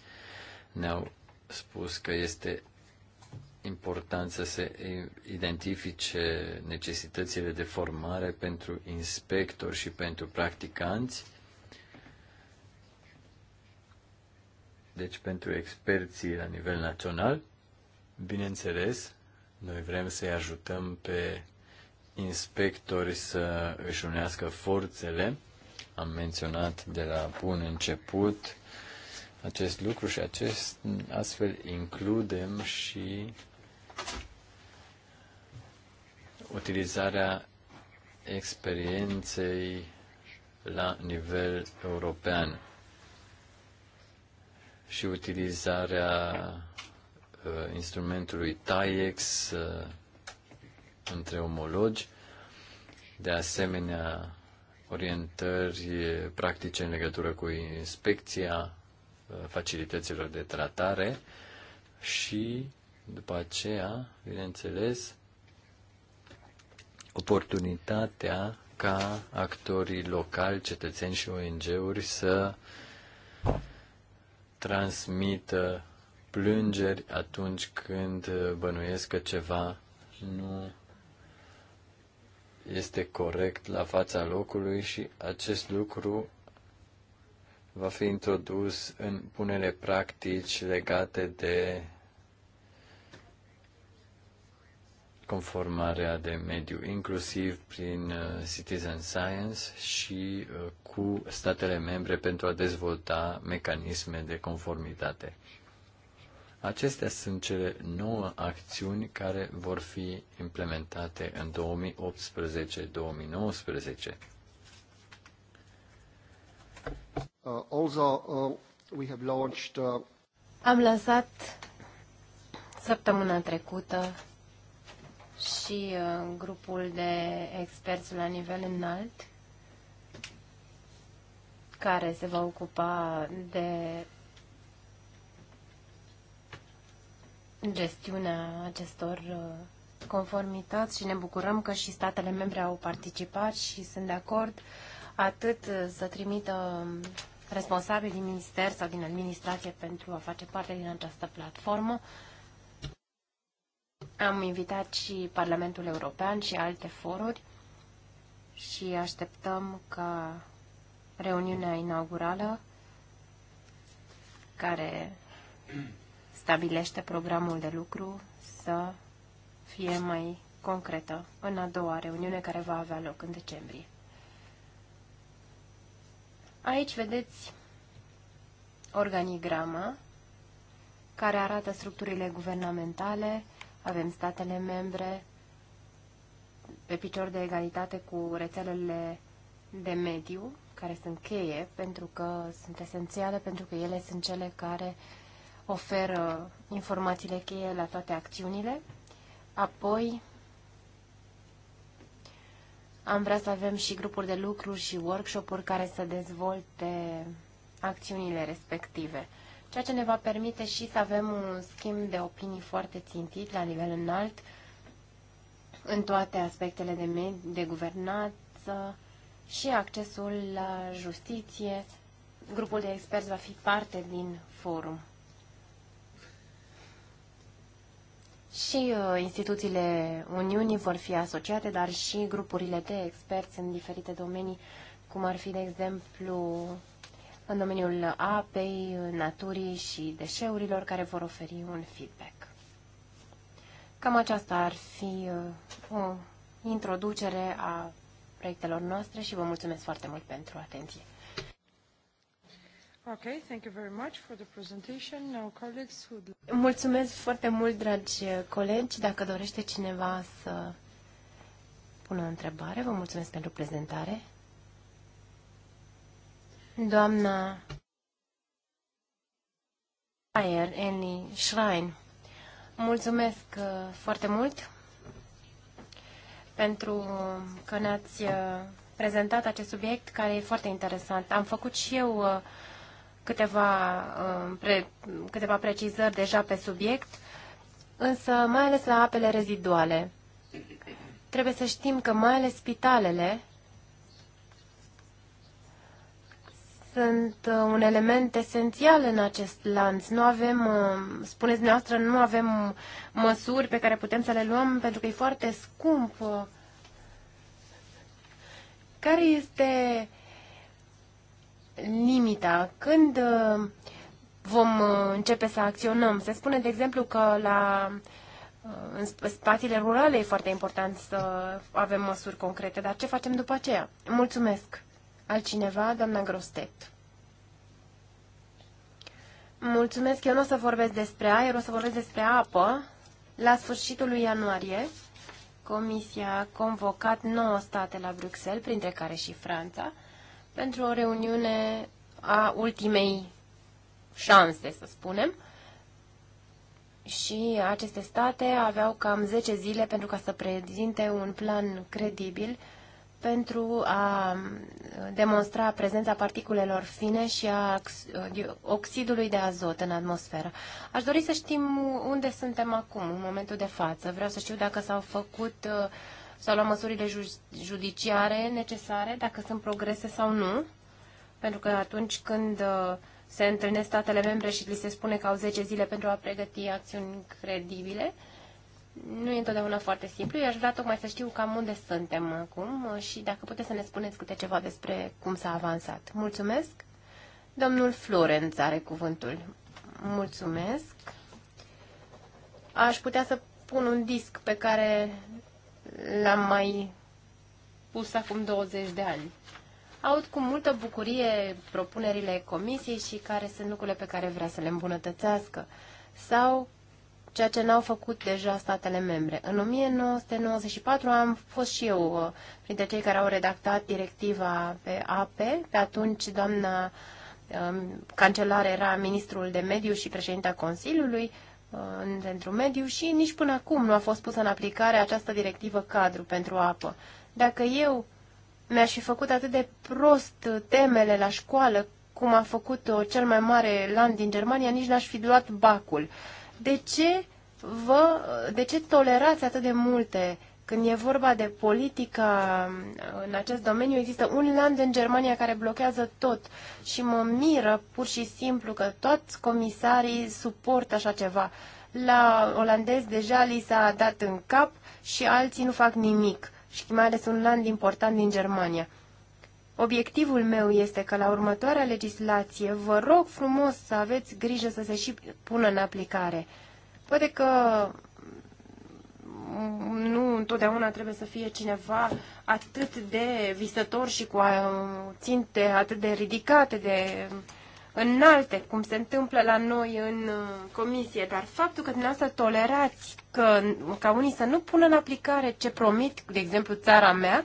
ne-au spus că este important să se identifice necesitățile de formare pentru inspectori și pentru practicanți Deci pentru experții la nivel național, bineînțeles, noi vrem să-i ajutăm pe inspectori să își unească forțele. Am menționat de la bun început acest lucru și acest, astfel includem și utilizarea experienței la nivel european și utilizarea uh, instrumentului TAIEX uh, între omologi, de asemenea orientări uh, practice în legătură cu inspecția uh, facilităților de tratare și, după aceea, bineînțeles, oportunitatea ca actorii locali, cetățeni și ONG-uri să uh, transmită plângeri atunci când bănuiesc că ceva nu este corect la fața locului și acest lucru va fi introdus în punele practici legate de conformarea de mediu, inclusiv prin uh, citizen science și uh, cu statele membre pentru a dezvolta mecanisme de conformitate. Acestea sunt cele nouă acțiuni care vor fi implementate în 2018-2019. Uh, uh, have launched, uh... Am lansat săptămâna trecută și uh, grupul de experți la nivel înalt care se va ocupa de gestiunea acestor uh, conformități și ne bucurăm că și statele membre au participat și sunt de acord atât uh, să trimită um, responsabili din minister sau din administrație pentru a face parte din această platformă. Am invitat și Parlamentul European și alte foruri și așteptăm ca reuniunea inaugurală care stabilește programul de lucru să fie mai concretă în a doua reuniune care va avea loc în decembrie. Aici vedeți organigrama care arată structurile guvernamentale. Avem statele membre pe picior de egalitate cu rețelele de mediu care sunt cheie, pentru că sunt esențiale, pentru că ele sunt cele care oferă informațiile cheie la toate acțiunile. Apoi, am vrea să avem și grupuri de lucru și workshop-uri care să dezvolte acțiunile respective, ceea ce ne va permite și să avem un schimb de opinii foarte țintit la nivel înalt în toate aspectele de, med- de guvernanță, și accesul la justiție. Grupul de experți va fi parte din forum. Și uh, instituțiile Uniunii vor fi asociate, dar și grupurile de experți în diferite domenii, cum ar fi, de exemplu, în domeniul apei, naturii și deșeurilor, care vor oferi un feedback. Cam aceasta ar fi uh, o introducere a proiectelor noastre și vă mulțumesc foarte mult pentru atenție. Okay, thank you very much for the presentation. Now, colleagues would... Mulțumesc foarte mult, dragi colegi. Dacă dorește cineva să pună o întrebare, vă mulțumesc pentru prezentare. Doamna Schreier, Annie Schrein, mulțumesc uh, foarte mult pentru că ne-ați uh, prezentat acest subiect care e foarte interesant. Am făcut și eu uh, câteva, uh, pre, câteva precizări deja pe subiect, însă mai ales la apele reziduale. Trebuie să știm că mai ales spitalele sunt uh, un element esențial în acest lanț. Nu avem, uh, spuneți dumneavoastră, nu avem măsuri pe care putem să le luăm pentru că e foarte scump. Care este limita? Când uh, vom începe să acționăm? Se spune, de exemplu, că la în spațiile rurale e foarte important să avem măsuri concrete, dar ce facem după aceea? Mulțumesc! Altcineva? Doamna Grostet. Mulțumesc, eu nu o să vorbesc despre aer, o să vorbesc despre apă. La sfârșitul lui ianuarie, Comisia a convocat 9 state la Bruxelles, printre care și Franța, pentru o reuniune a ultimei șanse, să spunem. Și aceste state aveau cam 10 zile pentru ca să prezinte un plan credibil pentru a um, demonstra prezența particulelor fine și a uh, oxidului de azot în atmosferă. Aș dori să știm unde suntem acum, în momentul de față. Vreau să știu dacă s-au făcut uh, sau luat măsurile judiciare necesare, dacă sunt progrese sau nu, pentru că atunci când uh, se întâlnesc statele membre și li se spune că au 10 zile pentru a pregăti acțiuni credibile, nu e întotdeauna foarte simplu. Eu aș vrea tocmai să știu cam unde suntem acum și dacă puteți să ne spuneți câte ceva despre cum s-a avansat. Mulțumesc. Domnul Florenț are cuvântul. Mulțumesc. Aș putea să pun un disc pe care l-am mai pus acum 20 de ani. Aud cu multă bucurie propunerile comisiei și care sunt lucrurile pe care vrea să le îmbunătățească. Sau ceea ce n-au făcut deja statele membre. În 1994 am fost și eu uh, printre cei care au redactat directiva pe AP, Pe atunci doamna um, cancelar era ministrul de mediu și președinta Consiliului pentru uh, mediu și nici până acum nu a fost pusă în aplicare această directivă cadru pentru apă. Dacă eu mi-aș fi făcut atât de prost temele la școală, cum a făcut cel mai mare land din Germania, nici n-aș fi luat bacul. Uh, de ce, vă, de ce tolerați atât de multe când e vorba de politica în acest domeniu, există un land în Germania care blochează tot și mă miră pur și simplu că toți comisarii suportă așa ceva. La olandez deja li s-a dat în cap și alții nu fac nimic, și mai ales un land important din Germania. Obiectivul meu este că la următoarea legislație vă rog frumos să aveți grijă să se și pună în aplicare. Poate că mm, nu întotdeauna trebuie să fie cineva atât de visător și cu uh, ținte atât de ridicate, de înalte, cum se întâmplă la noi în uh, comisie, dar faptul că dumneavoastră tolerați că, ca unii să nu pună în aplicare ce promit, de exemplu, țara mea,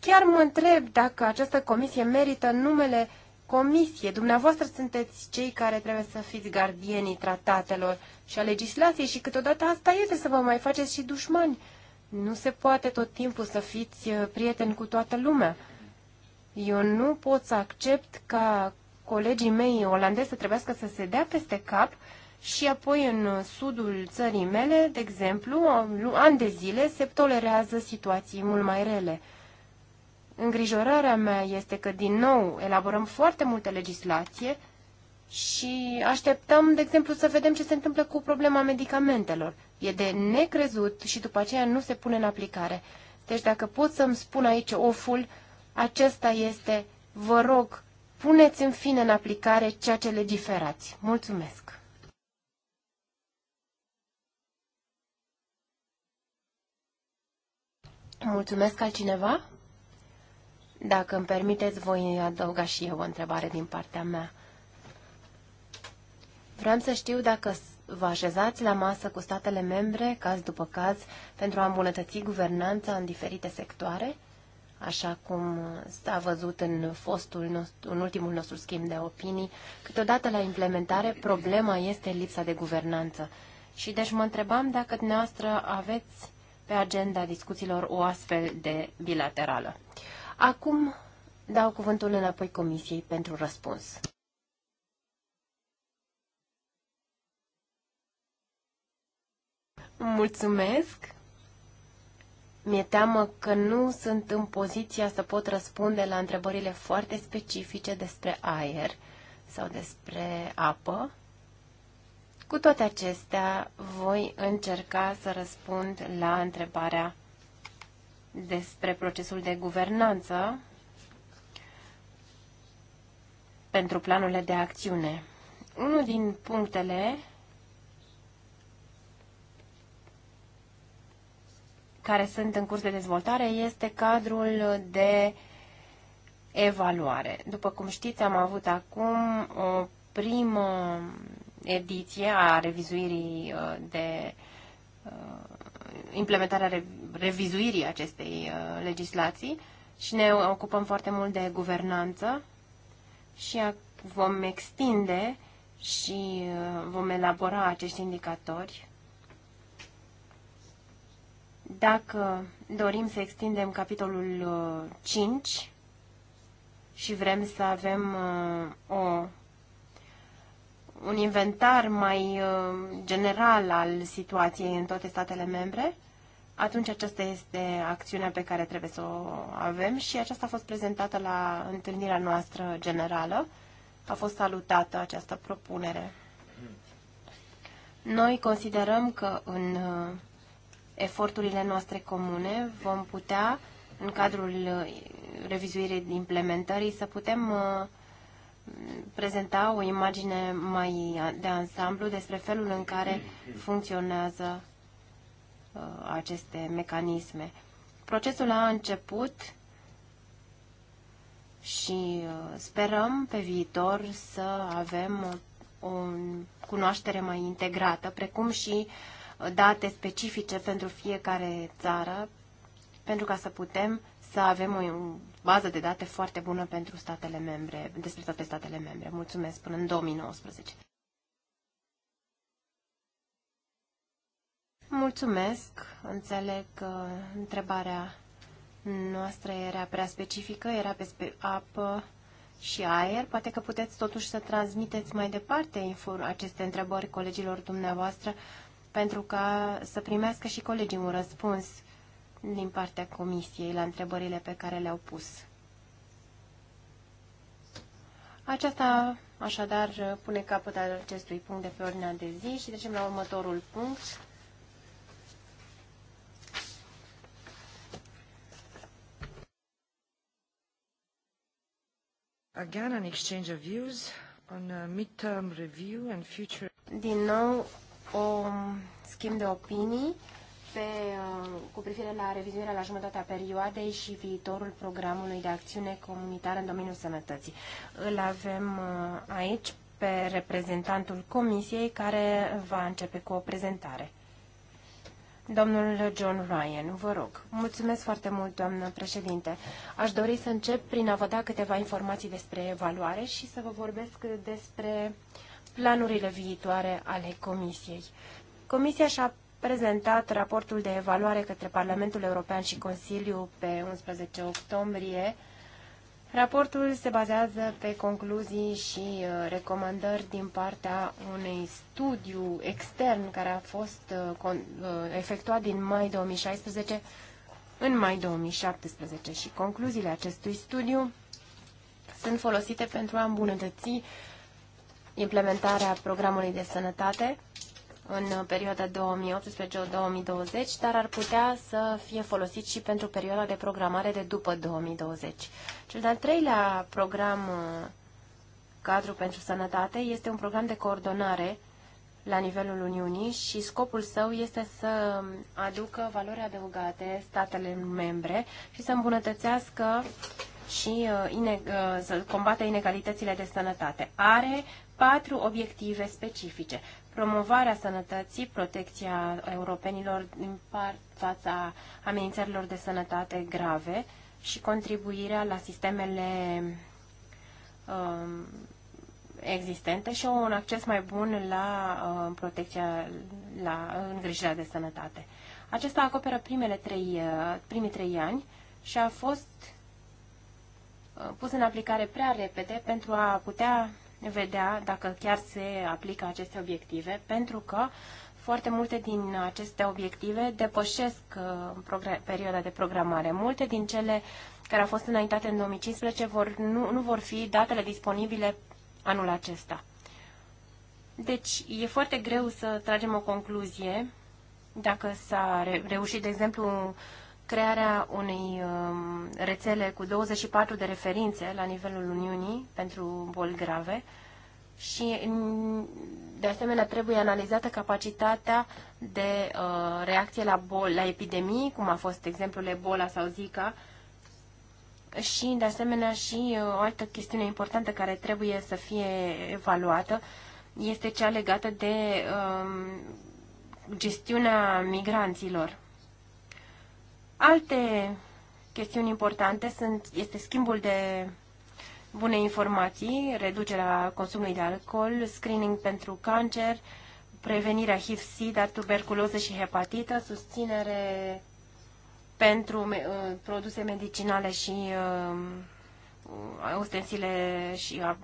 Chiar mă întreb dacă această comisie merită numele comisie. Dumneavoastră sunteți cei care trebuie să fiți gardienii tratatelor și a legislației și câteodată asta este să vă mai faceți și dușmani. Nu se poate tot timpul să fiți uh, prieteni cu toată lumea. Eu nu pot să accept ca colegii mei olandezi să trebuiască să se dea peste cap și apoi în sudul țării mele, de exemplu, ani de zile se tolerează situații mult mai rele. Îngrijorarea mea este că, din nou, elaborăm foarte multă legislație și așteptăm, de exemplu, să vedem ce se întâmplă cu problema medicamentelor. E de necrezut și după aceea nu se pune în aplicare. Deci dacă pot să-mi spun aici oful, acesta este, vă rog, puneți în fine în aplicare ceea ce legiferați. Mulțumesc! Mulțumesc altcineva? Dacă îmi permiteți, voi adăuga și eu o întrebare din partea mea. Vreau să știu dacă vă așezați la masă cu statele membre, caz după caz, pentru a îmbunătăți guvernanța în diferite sectoare, așa cum s-a văzut în, fostul nostru, în ultimul nostru schimb de opinii. Câteodată la implementare problema este lipsa de guvernanță. Și deci mă întrebam dacă dumneavoastră aveți pe agenda discuțiilor o astfel de bilaterală. Acum dau cuvântul înapoi Comisiei pentru răspuns. Mulțumesc! Mi-e teamă că nu sunt în poziția să pot răspunde la întrebările foarte specifice despre aer sau despre apă. Cu toate acestea, voi încerca să răspund la întrebarea despre procesul de guvernanță pentru planurile de acțiune. Unul din punctele care sunt în curs de dezvoltare este cadrul de evaluare. După cum știți, am avut acum o primă ediție a revizuirii uh, de uh, implementarea revizuirii acestei uh, legislații și ne ocupăm foarte mult de guvernanță și vom extinde și uh, vom elabora acești indicatori. Dacă dorim să extindem capitolul 5 uh, și vrem să avem o un inventar mai uh, general al situației în toate statele membre, atunci aceasta este acțiunea pe care trebuie să o avem și aceasta a fost prezentată la întâlnirea noastră generală. A fost salutată această propunere. Noi considerăm că în uh, eforturile noastre comune vom putea, în cadrul uh, revizuirii implementării, să putem uh, prezenta o imagine mai de ansamblu despre felul în care funcționează uh, aceste mecanisme. Procesul a început și uh, sperăm pe viitor să avem o cunoaștere mai integrată, precum și uh, date specifice pentru fiecare țară, pentru ca să putem să avem o bază de date foarte bună pentru statele membre, despre toate statele membre. Mulțumesc până în 2019. Mulțumesc. Înțeleg că întrebarea noastră era prea specifică, era pe apă și aer. Poate că puteți totuși să transmiteți mai departe aceste întrebări colegilor dumneavoastră pentru ca să primească și colegii un răspuns din partea Comisiei la întrebările pe care le-au pus. Aceasta, așadar, pune capăt al acestui punct de pe ordinea de zi și trecem la următorul punct. Again, an exchange of views on a uh, midterm review and future... Din nou, o schimb de opinii pe, uh, cu privire la revizuirea la jumătatea perioadei și viitorul programului de acțiune comunitară în domeniul sănătății. Îl avem uh, aici pe reprezentantul comisiei care va începe cu o prezentare. Domnul John Ryan, vă rog. Mulțumesc foarte mult, doamnă președinte. Aș dori să încep prin a vă da câteva informații despre evaluare și să vă vorbesc despre planurile viitoare ale Comisiei. Comisia și-a prezentat raportul de evaluare către Parlamentul European și Consiliu pe 11 octombrie. Raportul se bazează pe concluzii și uh, recomandări din partea unui studiu extern care a fost uh, uh, efectuat din mai 2016 în mai 2017 și concluziile acestui studiu sunt folosite pentru a îmbunătăți implementarea programului de sănătate în perioada 2018-2020, dar ar putea să fie folosit și pentru perioada de programare de după 2020. Cel de-al treilea program uh, cadru pentru sănătate este un program de coordonare la nivelul Uniunii și scopul său este să aducă valori adăugate statele membre și să îmbunătățească și uh, uh, să combată inegalitățile de sănătate. Are patru obiective specifice promovarea sănătății, protecția europenilor din part fața amenințărilor de sănătate grave și contribuirea la sistemele um, existente și un acces mai bun la uh, protecția, la îngrijirea de sănătate. Acesta acoperă primele trei, uh, primii trei ani și a fost uh, pus în aplicare prea repede pentru a putea vedea dacă chiar se aplică aceste obiective, pentru că foarte multe din aceste obiective depășesc uh, perioada de programare. Multe din cele care au fost înaintate în 2015 vor, nu, nu vor fi datele disponibile anul acesta. Deci e foarte greu să tragem o concluzie dacă s-a reușit, de exemplu, crearea unei um, rețele cu 24 de referințe la nivelul Uniunii pentru boli grave și, de asemenea, trebuie analizată capacitatea de uh, reacție la boli, la epidemii, cum a fost exemplul Ebola sau Zika, și, de asemenea, și uh, o altă chestiune importantă care trebuie să fie evaluată este cea legată de um, gestiunea migranților Alte chestiuni importante sunt, este schimbul de bune informații, reducerea consumului de alcool, screening pentru cancer, prevenirea HIV-SIDA, tuberculoză și hepatită, susținere pentru me uh, produse medicinale și uh, ustensile și uh,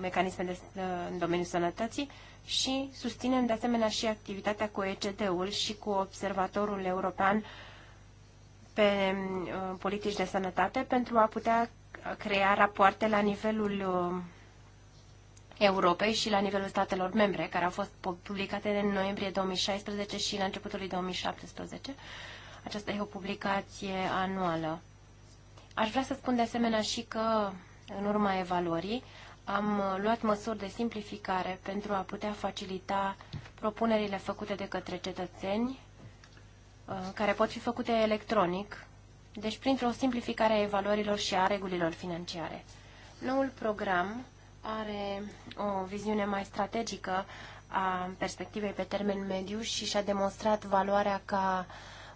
mecanisme de, uh, în domeniul sănătății și susținem de asemenea și activitatea cu ECD-ul și cu Observatorul European pe uh, politici de sănătate pentru a putea crea rapoarte la nivelul uh, Europei și la nivelul statelor membre, care au fost publicate în noiembrie 2016 și la începutul lui 2017. Aceasta e o publicație anuală. Aș vrea să spun de asemenea și că, în urma evaluării, am uh, luat măsuri de simplificare pentru a putea facilita propunerile făcute de către cetățeni Uh, care pot fi făcute electronic, deci printr-o simplificare a evaluărilor și a regulilor financiare. Noul program are o viziune mai strategică a perspectivei pe termen mediu și și-a demonstrat valoarea ca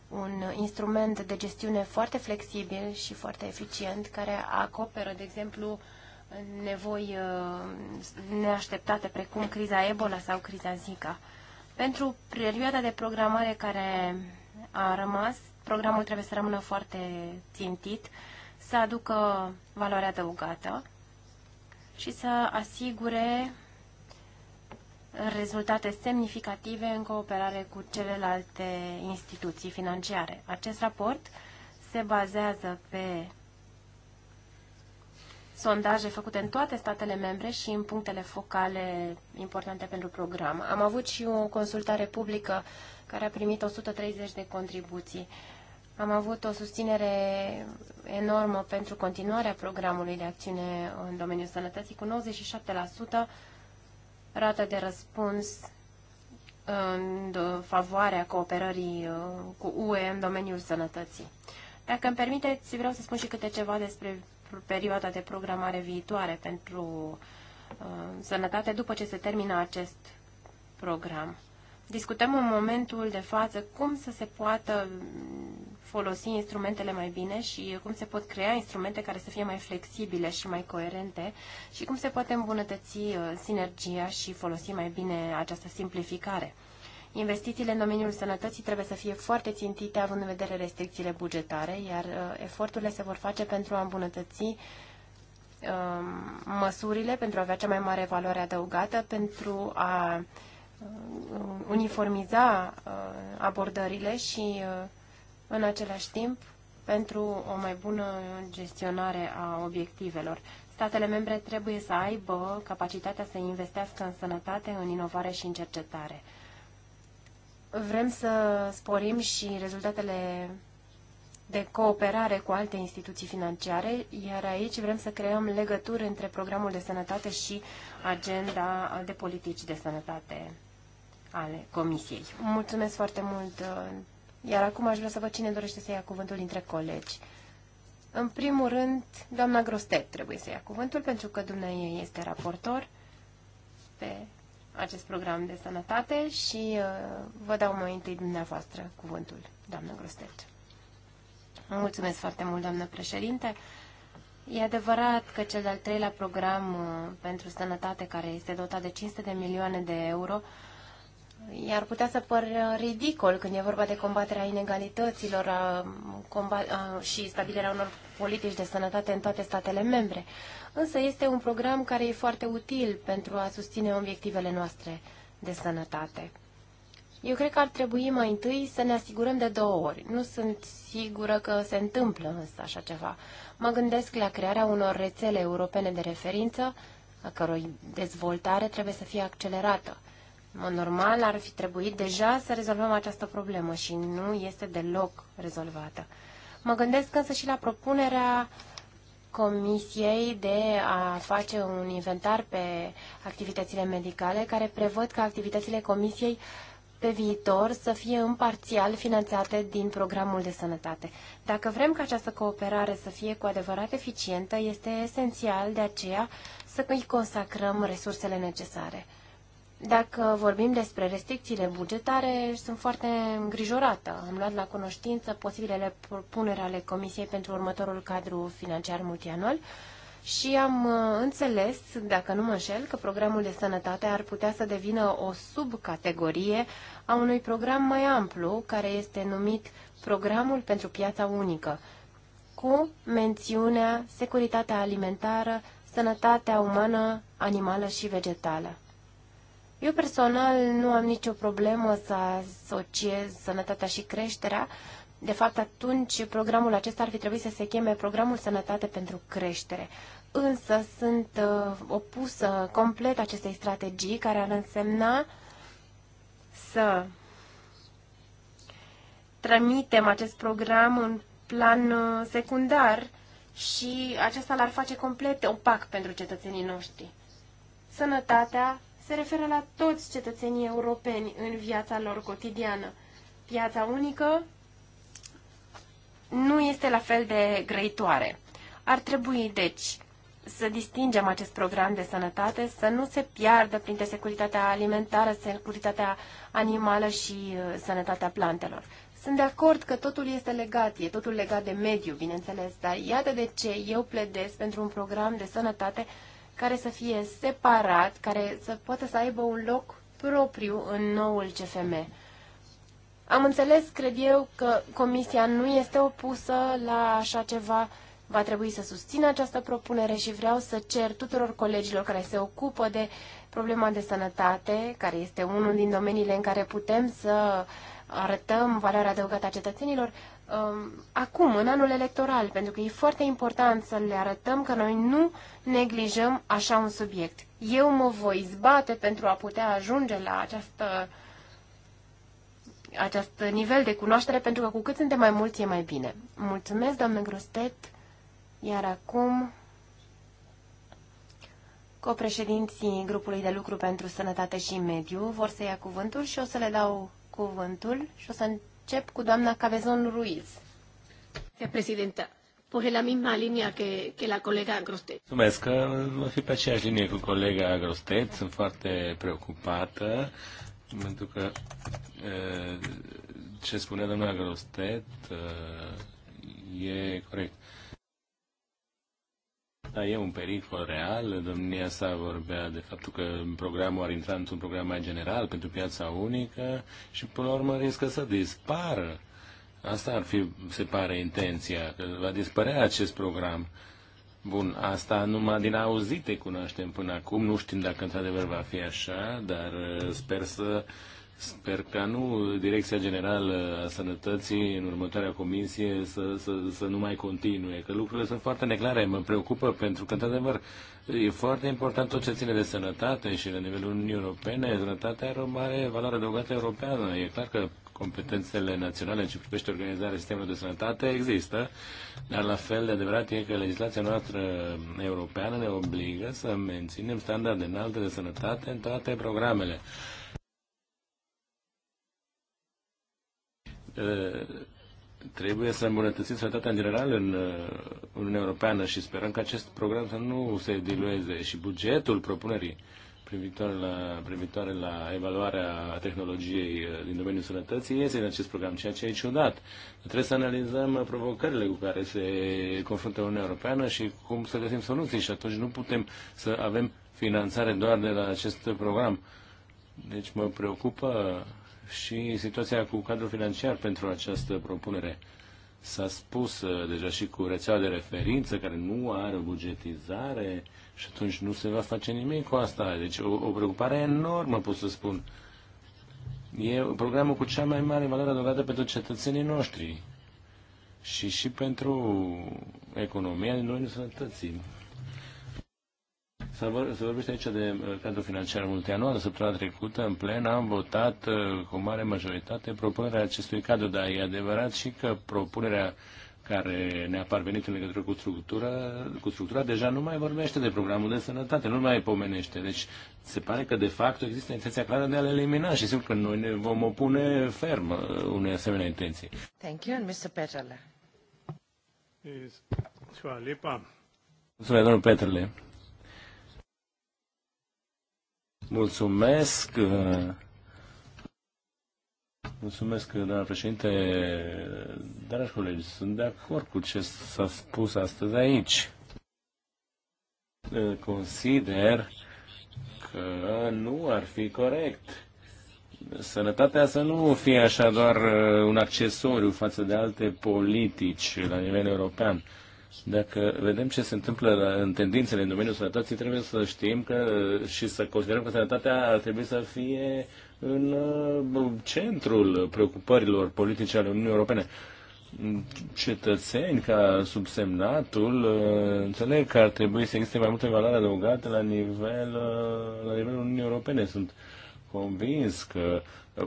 un instrument de gestiune foarte flexibil și foarte eficient, care acoperă, de exemplu, nevoi uh, neașteptate, precum criza Ebola sau criza Zika. Pentru perioada de programare care a rămas. Programul trebuie să rămână foarte țintit, să aducă valoare adăugată și să asigure rezultate semnificative în cooperare cu celelalte instituții financiare. Acest raport se bazează pe sondaje făcute în toate statele membre și în punctele focale importante pentru program. Am avut și o consultare publică care a primit 130 de contribuții. Am avut o susținere enormă pentru continuarea programului de acțiune în domeniul sănătății, cu 97% rată de răspuns în favoarea cooperării uh, cu UE în domeniul sănătății. Dacă îmi permiteți, vreau să spun și câte ceva despre perioada de programare viitoare pentru uh, sănătate după ce se termină acest program discutăm în momentul de față cum să se poată folosi instrumentele mai bine și cum se pot crea instrumente care să fie mai flexibile și mai coerente și cum se poate îmbunătăți uh, sinergia și folosi mai bine această simplificare. Investițiile în domeniul sănătății trebuie să fie foarte țintite având în vedere restricțiile bugetare, iar uh, eforturile se vor face pentru a îmbunătăți um, măsurile pentru a avea cea mai mare valoare adăugată, pentru a Uh, uniformiza uh, abordările și uh, în același timp pentru o mai bună gestionare a obiectivelor. Statele membre trebuie să aibă capacitatea să investească în sănătate, în inovare și în cercetare. Vrem să sporim și rezultatele de cooperare cu alte instituții financiare, iar aici vrem să creăm legături între programul de sănătate și agenda de politici de sănătate ale Comisiei. Mulțumesc foarte mult, uh, iar acum aș vrea să văd cine dorește să ia cuvântul dintre colegi. În primul rând, doamna Grostet trebuie să ia cuvântul, pentru că dumneavoastră este raportor pe acest program de sănătate și uh, vă dau mai întâi dumneavoastră cuvântul, doamna Grostet. Mulțumesc foarte mult, doamnă președinte. E adevărat că cel de-al treilea program uh, pentru sănătate, care este dotat de 500 de milioane de euro, uh, iar putea să păr ridicol când e vorba de combaterea inegalităților a, combat, a, și stabilirea unor politici de sănătate în toate statele membre. Însă este un program care e foarte util pentru a susține obiectivele noastre de sănătate. Eu cred că ar trebui mai întâi să ne asigurăm de două ori. Nu sunt sigură că se întâmplă însă așa ceva. Mă gândesc la crearea unor rețele europene de referință, a căror dezvoltare trebuie să fie accelerată mod normal ar fi trebuit deja să rezolvăm această problemă și nu este deloc rezolvată. Mă gândesc însă și la propunerea Comisiei de a face un inventar pe activitățile medicale, care prevăd că activitățile Comisiei pe viitor să fie în parțial finanțate din programul de sănătate. Dacă vrem ca această cooperare să fie cu adevărat eficientă, este esențial de aceea să îi consacrăm resursele necesare. Dacă vorbim despre restricțiile bugetare, sunt foarte îngrijorată. Am luat la cunoștință posibilele propuneri ale Comisiei pentru următorul cadru financiar multianual și am uh, înțeles, dacă nu mă înșel, că programul de sănătate ar putea să devină o subcategorie a unui program mai amplu, care este numit Programul pentru Piața Unică, cu mențiunea securitatea alimentară, sănătatea umană, animală și vegetală. Eu personal nu am nicio problemă să asociez sănătatea și creșterea. De fapt, atunci programul acesta ar fi trebuit să se cheme Programul Sănătate pentru Creștere. Însă sunt uh, opusă complet acestei strategii care ar însemna să trimitem acest program în plan uh, secundar și acesta l-ar face complet opac pentru cetățenii noștri. Sănătatea se referă la toți cetățenii europeni în viața lor cotidiană. Piața unică nu este la fel de grăitoare. Ar trebui, deci, să distingem acest program de sănătate, să nu se piardă printre securitatea alimentară, securitatea animală și uh, sănătatea plantelor. Sunt de acord că totul este legat, e totul legat de mediu, bineînțeles, dar iată de ce eu pledez pentru un program de sănătate care să fie separat, care să poată să aibă un loc propriu în noul CFM. Am înțeles, cred eu, că Comisia nu este opusă la așa ceva. Va trebui să susțină această propunere și vreau să cer tuturor colegilor care se ocupă de problema de sănătate, care este unul din domeniile în care putem să arătăm valoarea adăugată a cetățenilor, Um, acum, în anul electoral, pentru că e foarte important să le arătăm că noi nu neglijăm așa un subiect. Eu mă voi zbate pentru a putea ajunge la această, acest nivel de cunoaștere, pentru că cu cât suntem mai mulți e mai bine. Mulțumesc, doamne Grostet, iar acum copreședinții grupului de lucru pentru sănătate și mediu vor să ia cuvântul și o să le dau cuvântul și o să încep cu doamna Cabezon Ruiz. Președinte, Pues la misma linia que, que la colega Grostet. Mulțumesc că va fi pe aceeași linie cu colega Grostet. Sunt foarte preocupată pentru că ce spunea doamna Grostet e corect. Da, e un pericol real. Domnia sa vorbea de faptul că programul ar intra într-un program mai general pentru piața unică și până la urmă riscă să dispară. Asta ar fi, se pare, intenția, că va dispărea acest program. Bun, asta numai din auzite cunoaștem până acum, nu știm dacă într-adevăr va fi așa, dar uh, sper să uh, Sper ca nu Direcția Generală a Sănătății în următoarea comisie să, să, să nu mai continue, că lucrurile sunt foarte neclare, mă preocupă pentru că, într-adevăr, e foarte important tot ce ține de sănătate și la nivelul Uniunii Europene, sănătatea are o mare valoare adăugată europeană. E clar că competențele naționale în ce privește organizarea sistemului de sănătate există, dar la fel de adevărat e că legislația noastră europeană ne obligă să menținem standarde înalte de sănătate în toate programele. trebuie să îmbunătățim sănătatea în general în Uniunea Europeană și sperăm că acest program să nu se dilueze și bugetul propunerii privitoare la, privitoare la evaluarea tehnologiei din domeniul sănătății este în acest program, ceea ce e ciudat. Trebuie să analizăm provocările cu care se confruntă Uniunea Europeană și cum să găsim soluții și atunci nu putem să avem finanțare doar de la acest program. Deci mă preocupă și situația cu cadrul financiar pentru această propunere. S-a spus uh, deja și cu rețeaua de referință care nu are bugetizare și atunci nu se va face nimic cu asta. Deci o, o preocupare enormă, pot să spun. E programul cu cea mai mare valoare adăugată pentru cetățenii noștri și și pentru economia din noi sănătății. Se vorbește aici de uh, cadrul financiar multianual. Săptămâna trecută, în plen, am votat uh, cu mare majoritate propunerea acestui cadru, dar e adevărat și că propunerea care ne-a parvenit în legătură cu structura, cu structura, deja nu mai vorbește de programul de sănătate, nu mai pomenește. Deci se pare că de fapt există intenția clară de a-l elimina și sigur că noi ne vom opune ferm uh, unei asemenea intenții. Thank you, and Mr. Petrele. Mulțumesc, domnul Petrele. Mulțumesc. Mulțumesc, doamna președinte. Dragi colegi, sunt de acord cu ce s-a spus astăzi aici. Consider că nu ar fi corect sănătatea să nu fie așa doar uh, un accesoriu față de alte politici la nivel european. Dacă vedem ce se întâmplă în tendințele în domeniul sănătății, trebuie să știm că uh, și să considerăm că sănătatea ar trebui să fie în uh, centrul preocupărilor politice ale Uniunii Europene cetățeni ca subsemnatul, uh, înțeleg că ar trebui să existe mai multe valoare adăugate la, nivel, la nivelul Uniunii Europene. Sunt convins că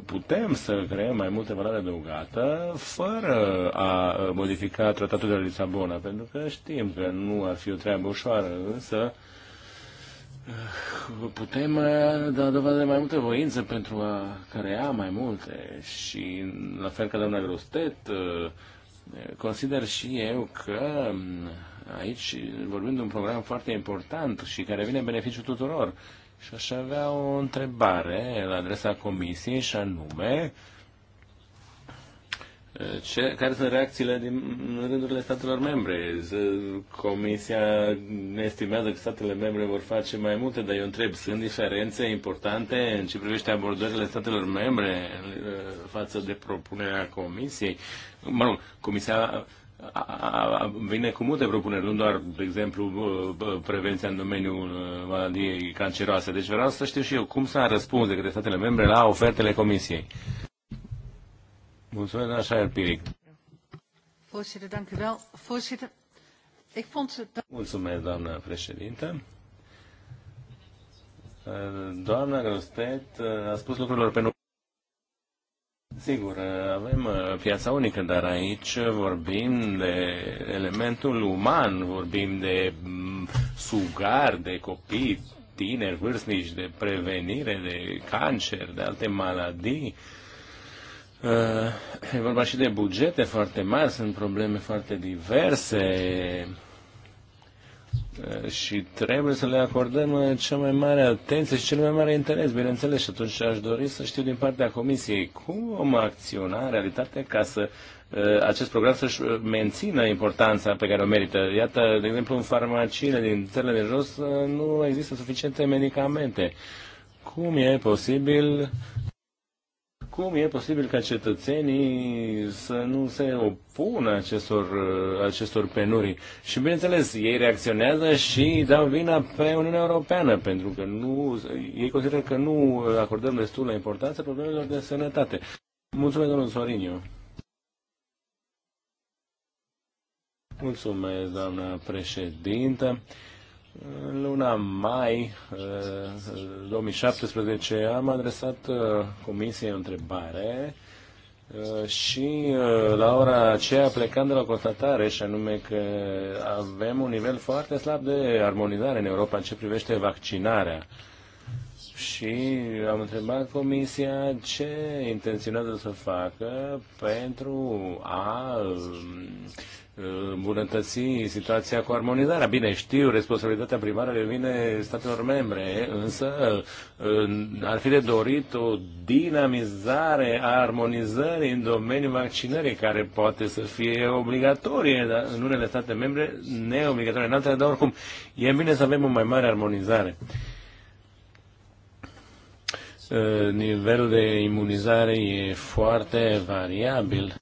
putem să creăm mai multe valoare adăugată fără a uh, modifica tratatul de la Lisabona, pentru că știm că nu ar fi o treabă ușoară, însă uh, putem uh, da dovadă de mai multă voință pentru a crea mai multe și la fel ca doamna Grostet, consider și eu că um, aici vorbim de un program foarte important și care vine în beneficiu tuturor. Și aș avea o întrebare la adresa comisiei și anume, ce, care sunt reacțiile din rândurile statelor membre? Comisia ne estimează că statele membre vor face mai multe, dar eu întreb, sunt diferențe importante în ce privește abordările statelor membre uh, față de propunerea Comisiei? Mă rog, Comisia vine cu multe propuneri, nu doar, de exemplu, prevenția în domeniul maladiei canceroase. Deci vreau să știu și eu cum s-a răspuns de către statele membre la ofertele Comisiei. Mulțumesc, doamna Shire Piric. Mulțumesc, doamna președintă. Doamna Grostet a spus lucrurilor pe nume. Sigur, avem uh, piața unică, dar aici vorbim de elementul uman, vorbim de mm, sugar, de copii, tineri, vârstnici, de prevenire, de cancer, de alte maladii. Uh, e vorba și de bugete foarte mari, sunt probleme foarte diverse și trebuie să le acordăm cea mai mare atenție și cel mai mare interes, bineînțeles, și atunci aș dori să știu din partea Comisiei cum vom acționa în realitate ca să acest program să-și mențină importanța pe care o merită. Iată, de exemplu, în farmaciile din țările de jos nu există suficiente medicamente. Cum e posibil cum e posibil ca cetățenii să nu se opună acestor, acestor penurii. Și bineînțeles, ei reacționează și dau vina pe Uniunea Europeană, pentru că nu, ei consideră că nu acordăm destulă importanță problemelor de sănătate. Mulțumesc, domnul Soriniu. Mulțumesc, doamna președintă. În luna mai 2017 eh, am adresat eh, comisiei o întrebare eh, și la ora aceea plecam de la constatare și anume că avem un nivel foarte slab de armonizare în Europa în ce privește vaccinarea. Și am întrebat Comisia ce intenționează să facă pentru a mm, îmbunătăți situația cu armonizarea. Bine, știu, responsabilitatea primară revine statelor membre, însă ar fi de dorit o dinamizare a armonizării în domeniul vaccinării, care poate să fie obligatorie, dar în unele state membre neobligatorie, în altele, dar oricum e bine să avem o mai mare armonizare nivelul de imunizare e foarte variabil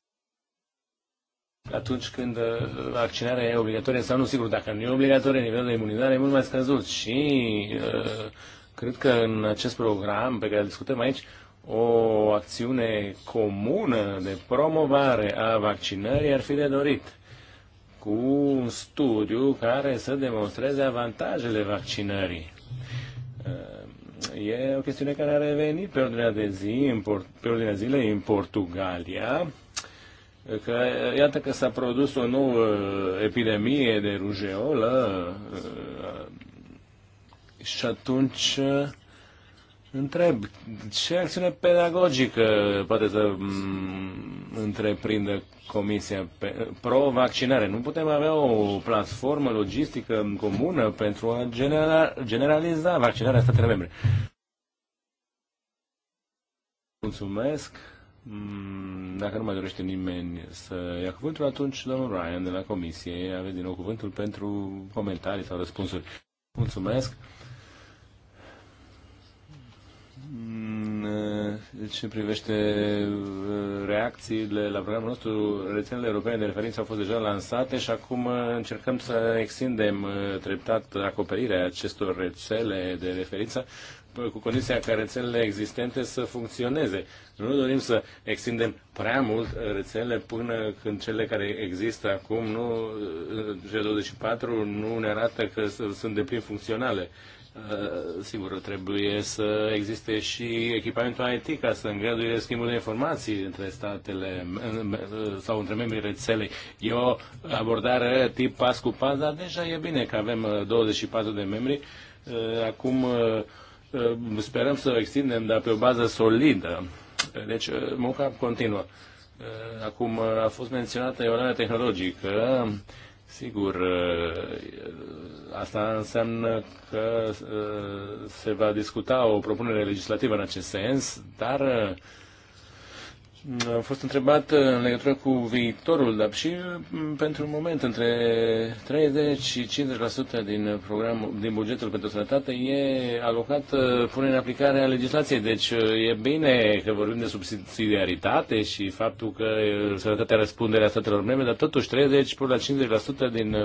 atunci când uh, vaccinarea e obligatorie sau nu, sigur, dacă nu e obligatorie, nivelul de imunizare e mult mai scăzut și uh, cred că în acest program pe care îl discutăm aici, o acțiune comună de promovare a vaccinării ar fi de dorit cu un studiu care să demonstreze avantajele vaccinării. Uh, e o chestiune care a revenit pe ordinea de zi, pe ordinea zilei în Portugalia, că iată că s-a produs o nouă epidemie de rujeolă uh, și atunci uh, întreb ce acțiune pedagogică poate să mm, întreprindă Comisia pro-vaccinare. Nu putem avea o platformă logistică comună pentru a genera, generaliza vaccinarea statelor membre. Mulțumesc. Mm, dacă nu mai dorește nimeni să ia cuvântul, atunci domnul Ryan de la Comisie aveți din nou cuvântul pentru comentarii sau răspunsuri. Mulțumesc! Mm, ce privește uh, reacțiile la programul nostru, rețelele europene de referință au fost deja lansate și acum uh, încercăm să extindem uh, treptat acoperirea acestor rețele de referință cu condiția ca rețelele existente să funcționeze. Nu dorim să extindem prea mult rețelele până când cele care există acum, nu, g 24, nu ne arată că sunt de plin funcționale. Uh, sigur, trebuie să existe și echipamentul IT ca să îngăduie schimbul de informații între statele uh, sau între membrii rețelei. E o abordare tip pas cu pas, dar deja e bine că avem 24 uh, de membri. Acum Sperăm să o extindem, dar pe o bază solidă. Deci, uh, munca continuă. Uh, acum uh, a fost menționată evaluarea tehnologică. Sigur, asta înseamnă că se va discuta o propunere legislativă în acest sens, dar am fost întrebat în legătură cu viitorul, dar și mm, pentru un moment, între 30 și 50% din, programul, din bugetul pentru sănătate e alocat uh, punerea în aplicare a legislației. Deci uh, e bine că vorbim de subsidiaritate și faptul că uh, sănătatea răspunde la statelor membre, dar totuși 30 până la 50% din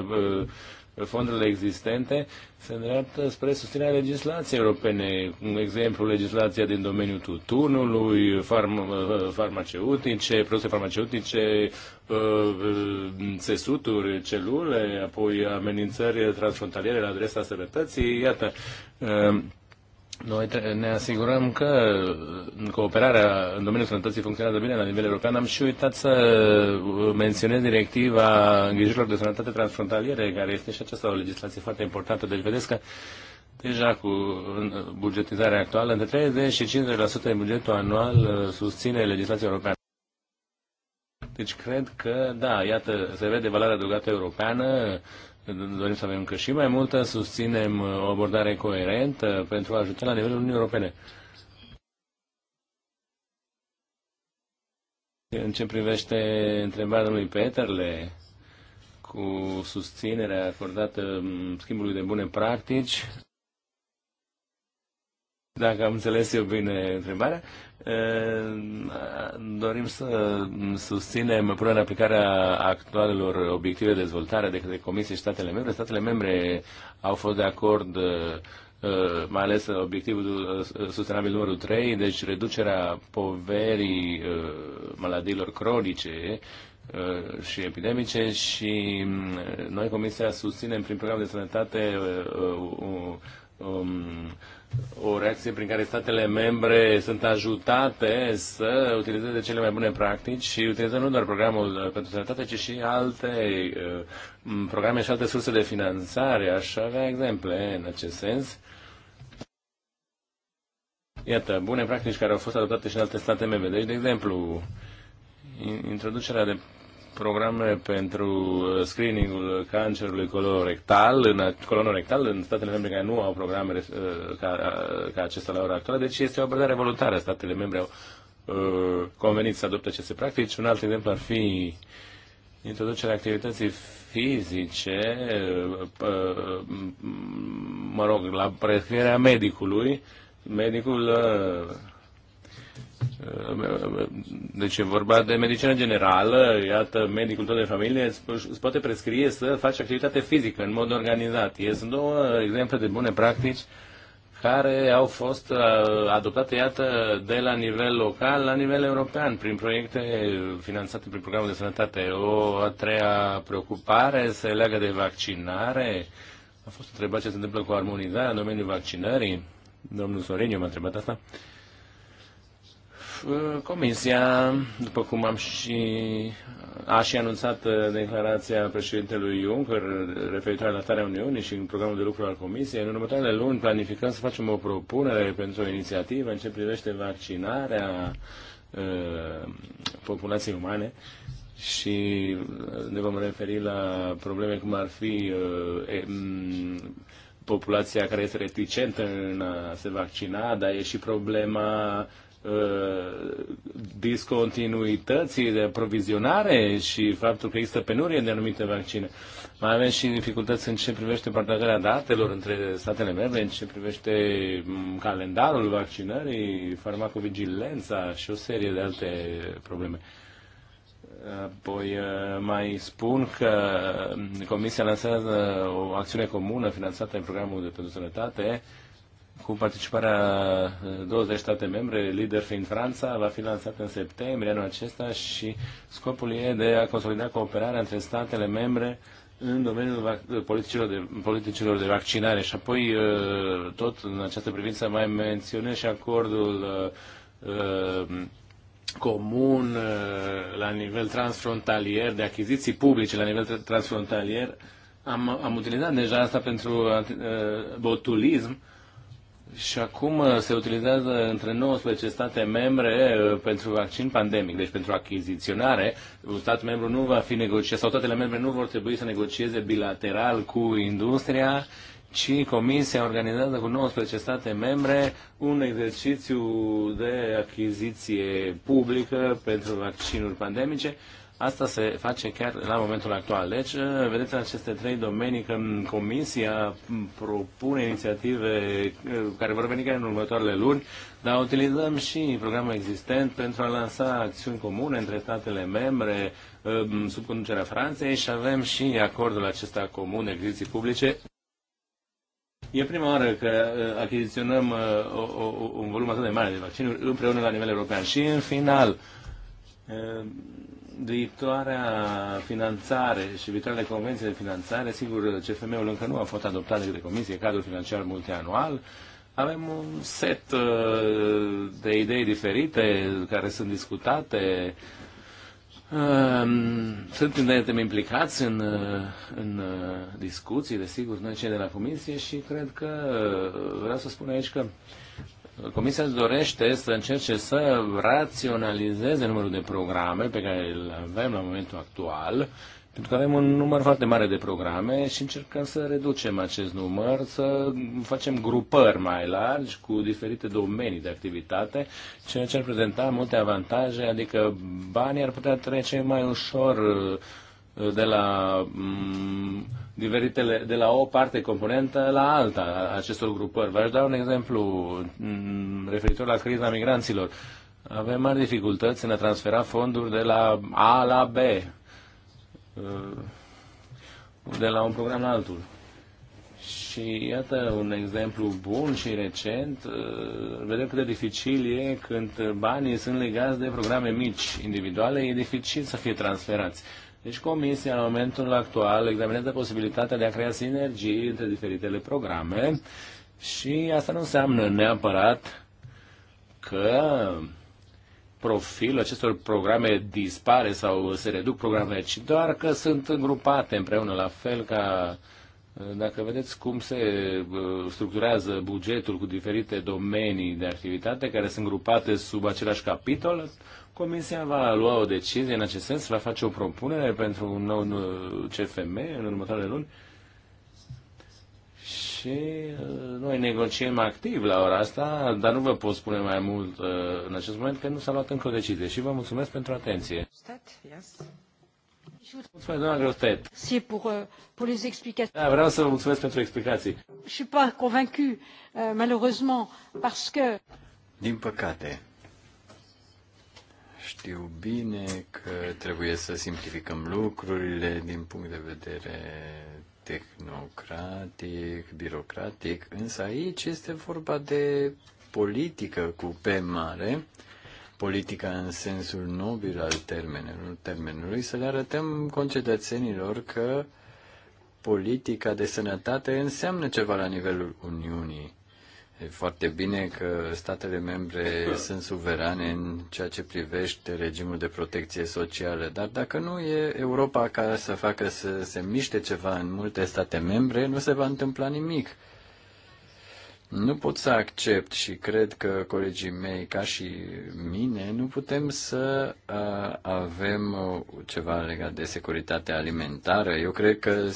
fondurile existente se îndreaptă spre susținerea legislației europene, un exemplu legislația din domeniul tutunului, farm- uh, farmaceutice, produse farmaceutice, uh, uh, țesuturi, celule, apoi amenințări transfrontaliere la adresa sănătății, iată noi ne asigurăm că uh, cooperarea în domeniul sănătății funcționează bine la nivel european. Am și uitat să uh, menționez directiva îngrijirilor de sănătate transfrontaliere, care este și aceasta o legislație foarte importantă. Deci vedeți că deja cu uh, bugetizarea actuală, între 30 și 50% din bugetul anual susține legislația europeană. Deci cred că, da, iată, se vede valoarea adăugată europeană, dorim să avem încă și mai multă, susținem o abordare coerentă pentru a ajuta la nivelul Uniunii Europene. În ce privește întrebarea lui Peterle cu susținerea acordată schimbului de bune practici, dacă am înțeles eu bine întrebarea, dorim să susținem până în aplicarea actualelor obiective de dezvoltare de către Comisie și statele membre. Statele membre au fost de acord mai ales obiectivul sustenabil numărul 3, deci reducerea poverii maladiilor cronice și epidemice și noi Comisia susținem prin program de sănătate um, o reacție prin care statele membre sunt ajutate să utilizeze cele mai bune practici și utilizăm nu doar programul uh, pentru sănătate, ci și alte uh, programe și alte surse de finanțare. Aș avea exemple în acest sens. Iată, bune practici care au fost adoptate și în alte state membre. Deci, de exemplu, introducerea de programe pentru uh, screeningul cancerului colorectal, în, colonorectal în statele membre care nu au programe uh, ca, uh, ca acesta la ora actuală, deci este o abordare voluntară. Statele membre au uh, convenit să adopte aceste practici. Un alt exemplu ar fi introducerea activității fizice, uh, mă rog, la prescrierea medicului. Medicul uh, deci e vorba de medicină generală, iată, medicul tău de familie îți poate prescrie să faci activitate fizică în mod organizat. E, sunt două exemple de bune practici care au fost uh, adoptate, iată, de la nivel local la nivel european, prin proiecte finanțate prin programul de sănătate. O a treia preocupare se leagă de vaccinare. A fost întrebat ce se întâmplă cu armonizarea în domeniul vaccinării. Domnul Soreniu m-a întrebat asta. Uh, Comisia, după cum am și, a și anunțat uh, declarația președintelui Juncker referitoare la starea Uniunii și în programul de lucru al Comisiei, în următoarele luni planificăm să facem o propunere pentru o inițiativă în ce privește vaccinarea uh, populației umane și uh, ne vom referi la probleme cum ar fi uh, e, m- populația care este reticentă în a se vaccina, dar e și problema Uh, discontinuității de aprovizionare și faptul că există penurie de anumite vaccine. Mai avem și dificultăți în ce privește partajarea datelor între statele membre, în ce privește mm, calendarul vaccinării, farmacovigilența și o serie de alte probleme. Apoi uh, mai spun că mm, Comisia lansează o acțiune comună finanțată în programul de pentru sănătate, cu participarea 20 uh, state membre, lider fiind Franța, va fi lansat în septembrie anul acesta și scopul e de a consolida cooperarea între statele membre în domeniul politicilor de, politicilor de vaccinare. Și apoi, uh, tot în această privință, mai menționez și acordul uh, comun la nivel transfrontalier, de achiziții publice la nivel transfrontalier. Am, am utilizat deja asta pentru botulism și acum uh, se utilizează între 19 state membre uh, pentru vaccin pandemic, deci pentru achiziționare. Un stat membru nu va fi negociat sau statele membre nu vor trebui să negocieze bilateral cu industria, ci Comisia organizează cu 19 state membre un exercițiu de achiziție publică pentru vaccinuri pandemice Asta se face chiar la momentul actual. Deci, uh, vedeți aceste trei domenii că Comisia propune inițiative uh, care vor veni chiar în următoarele luni, dar utilizăm și programul existent pentru a lansa acțiuni comune între statele membre um, sub conducerea Franței și avem și acordul acesta comun de achiziții publice. E prima oară că uh, achiziționăm un volum atât de mare de vaccinuri împreună la nivel european. Și în final, viitoarea finanțare și viitoarele convenții de finanțare, sigur, CFM-ul încă nu a fost adoptat de Comisie, cadrul financiar multianual, avem un set uh, de idei diferite care sunt discutate. Um, sunt suntem implicați în, uh, în uh, discuții, desigur, noi cei de la Comisie și cred că vreau să spun aici că Comisia dorește să încerce să raționalizeze numărul de programe pe care îl avem la momentul actual, pentru că avem un număr foarte mare de programe și încercăm să reducem acest număr, să facem grupări mai largi cu diferite domenii de activitate, ceea ce ar prezenta multe avantaje, adică banii ar putea trece mai ușor de la mm, diferitele, de la o parte componentă la alta a acestor grupări. V-aș da un exemplu mm, referitor la criza migranților. Avem mari dificultăți în a transfera fonduri de la A la B, uh, de la un program la altul. Și iată un exemplu bun și recent. Uh, vedem cât de dificil e când banii sunt legați de programe mici, individuale, e dificil să fie transferați. Deci Comisia, în momentul actual, examinează posibilitatea de a crea sinergii între diferitele programe și asta nu înseamnă neapărat că profilul acestor programe dispare sau se reduc programele, ci doar că sunt îngrupate împreună, la fel ca dacă vedeți cum se uh, structurează bugetul cu diferite domenii de activitate care sunt grupate sub același capitol, Comisia va lua o decizie în acest sens, va face o propunere pentru un nou CFM în următoarele luni și uh, noi negociem activ la ora asta, dar nu vă pot spune mai mult uh, în acest moment că nu s-a luat încă o decizie și vă mulțumesc pentru atenție. Mulțumesc, doamna Grostet. Si pour, euh, pour les Da, vreau să vă mulțumesc pentru explicații. Je suis pas convaincu, euh, malheureusement, parce que... Din păcate, știu bine că trebuie să simplificăm lucrurile din punct de vedere tehnocratic, birocratic, însă aici este vorba de politică cu P mare, politica în sensul nobil al termenelor, termenului, să le arătăm concetățenilor că politica de sănătate înseamnă ceva la nivelul Uniunii E foarte bine că statele membre sunt suverane în ceea ce privește regimul de protecție socială, dar dacă nu e Europa ca să facă să se miște ceva în multe state membre, nu se va întâmpla nimic. Nu pot să accept și cred că colegii mei, ca și mine, nu putem să avem uh, ceva legat de securitatea alimentară. Eu cred că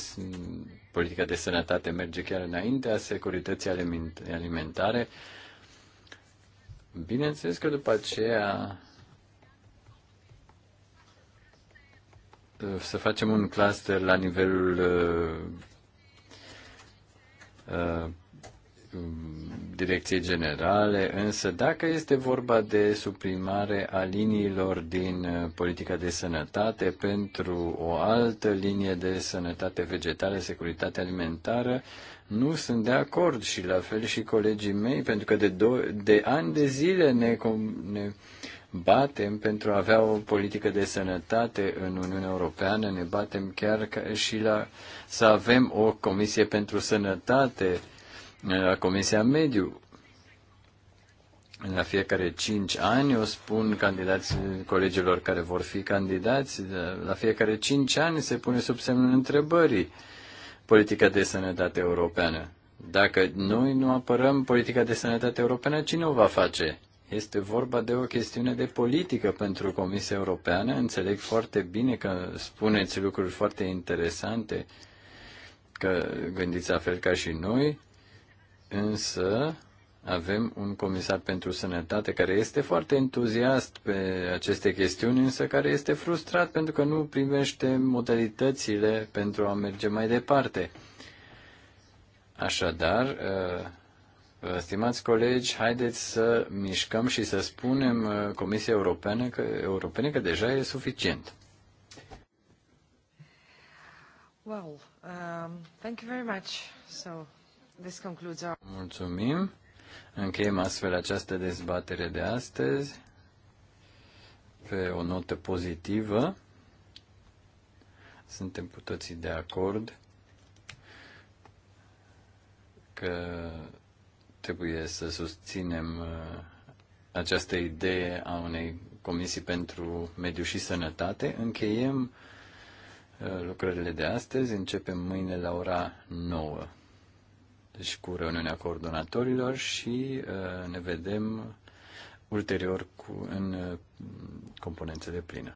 politica de sănătate merge chiar înaintea securității alimentare. Bineînțeles că după aceea uh, să facem un cluster la nivelul uh, uh, direcției generale, însă dacă este vorba de suprimare a liniilor din uh, politica de sănătate pentru o altă linie de sănătate vegetală, securitate alimentară, nu sunt de acord și la fel și colegii mei, pentru că de, do- de ani de zile ne, ne batem pentru a avea o politică de sănătate în Uniunea Europeană, ne batem chiar și la, să avem o comisie pentru sănătate la Comisia Mediu. La fiecare cinci ani, o spun candidați colegilor care vor fi candidați, da, la fiecare cinci ani se pune sub semnul întrebării politica de sănătate europeană. Dacă noi nu apărăm politica de sănătate europeană, cine o va face? Este vorba de o chestiune de politică pentru Comisia Europeană. Înțeleg foarte bine că spuneți lucruri foarte interesante, că gândiți la fel ca și noi, Însă avem un comisar pentru sănătate care este foarte entuziast pe aceste chestiuni, însă care este frustrat pentru că nu primește modalitățile pentru a merge mai departe. Așadar, uh, Stimați colegi, haideți să mișcăm și să spunem uh, Comisiei Europene că, Europene că deja e suficient. Well, um, thank you very much. So, Mulțumim. Încheiem astfel această dezbatere de astăzi pe o notă pozitivă. Suntem cu toții de acord că trebuie să susținem uh, această idee a unei comisii pentru mediu și sănătate. Încheiem uh, lucrările de astăzi, începem mâine la ora 9 și cu reuniunea coordonatorilor și uh, ne vedem ulterior cu, în uh, componențele pline.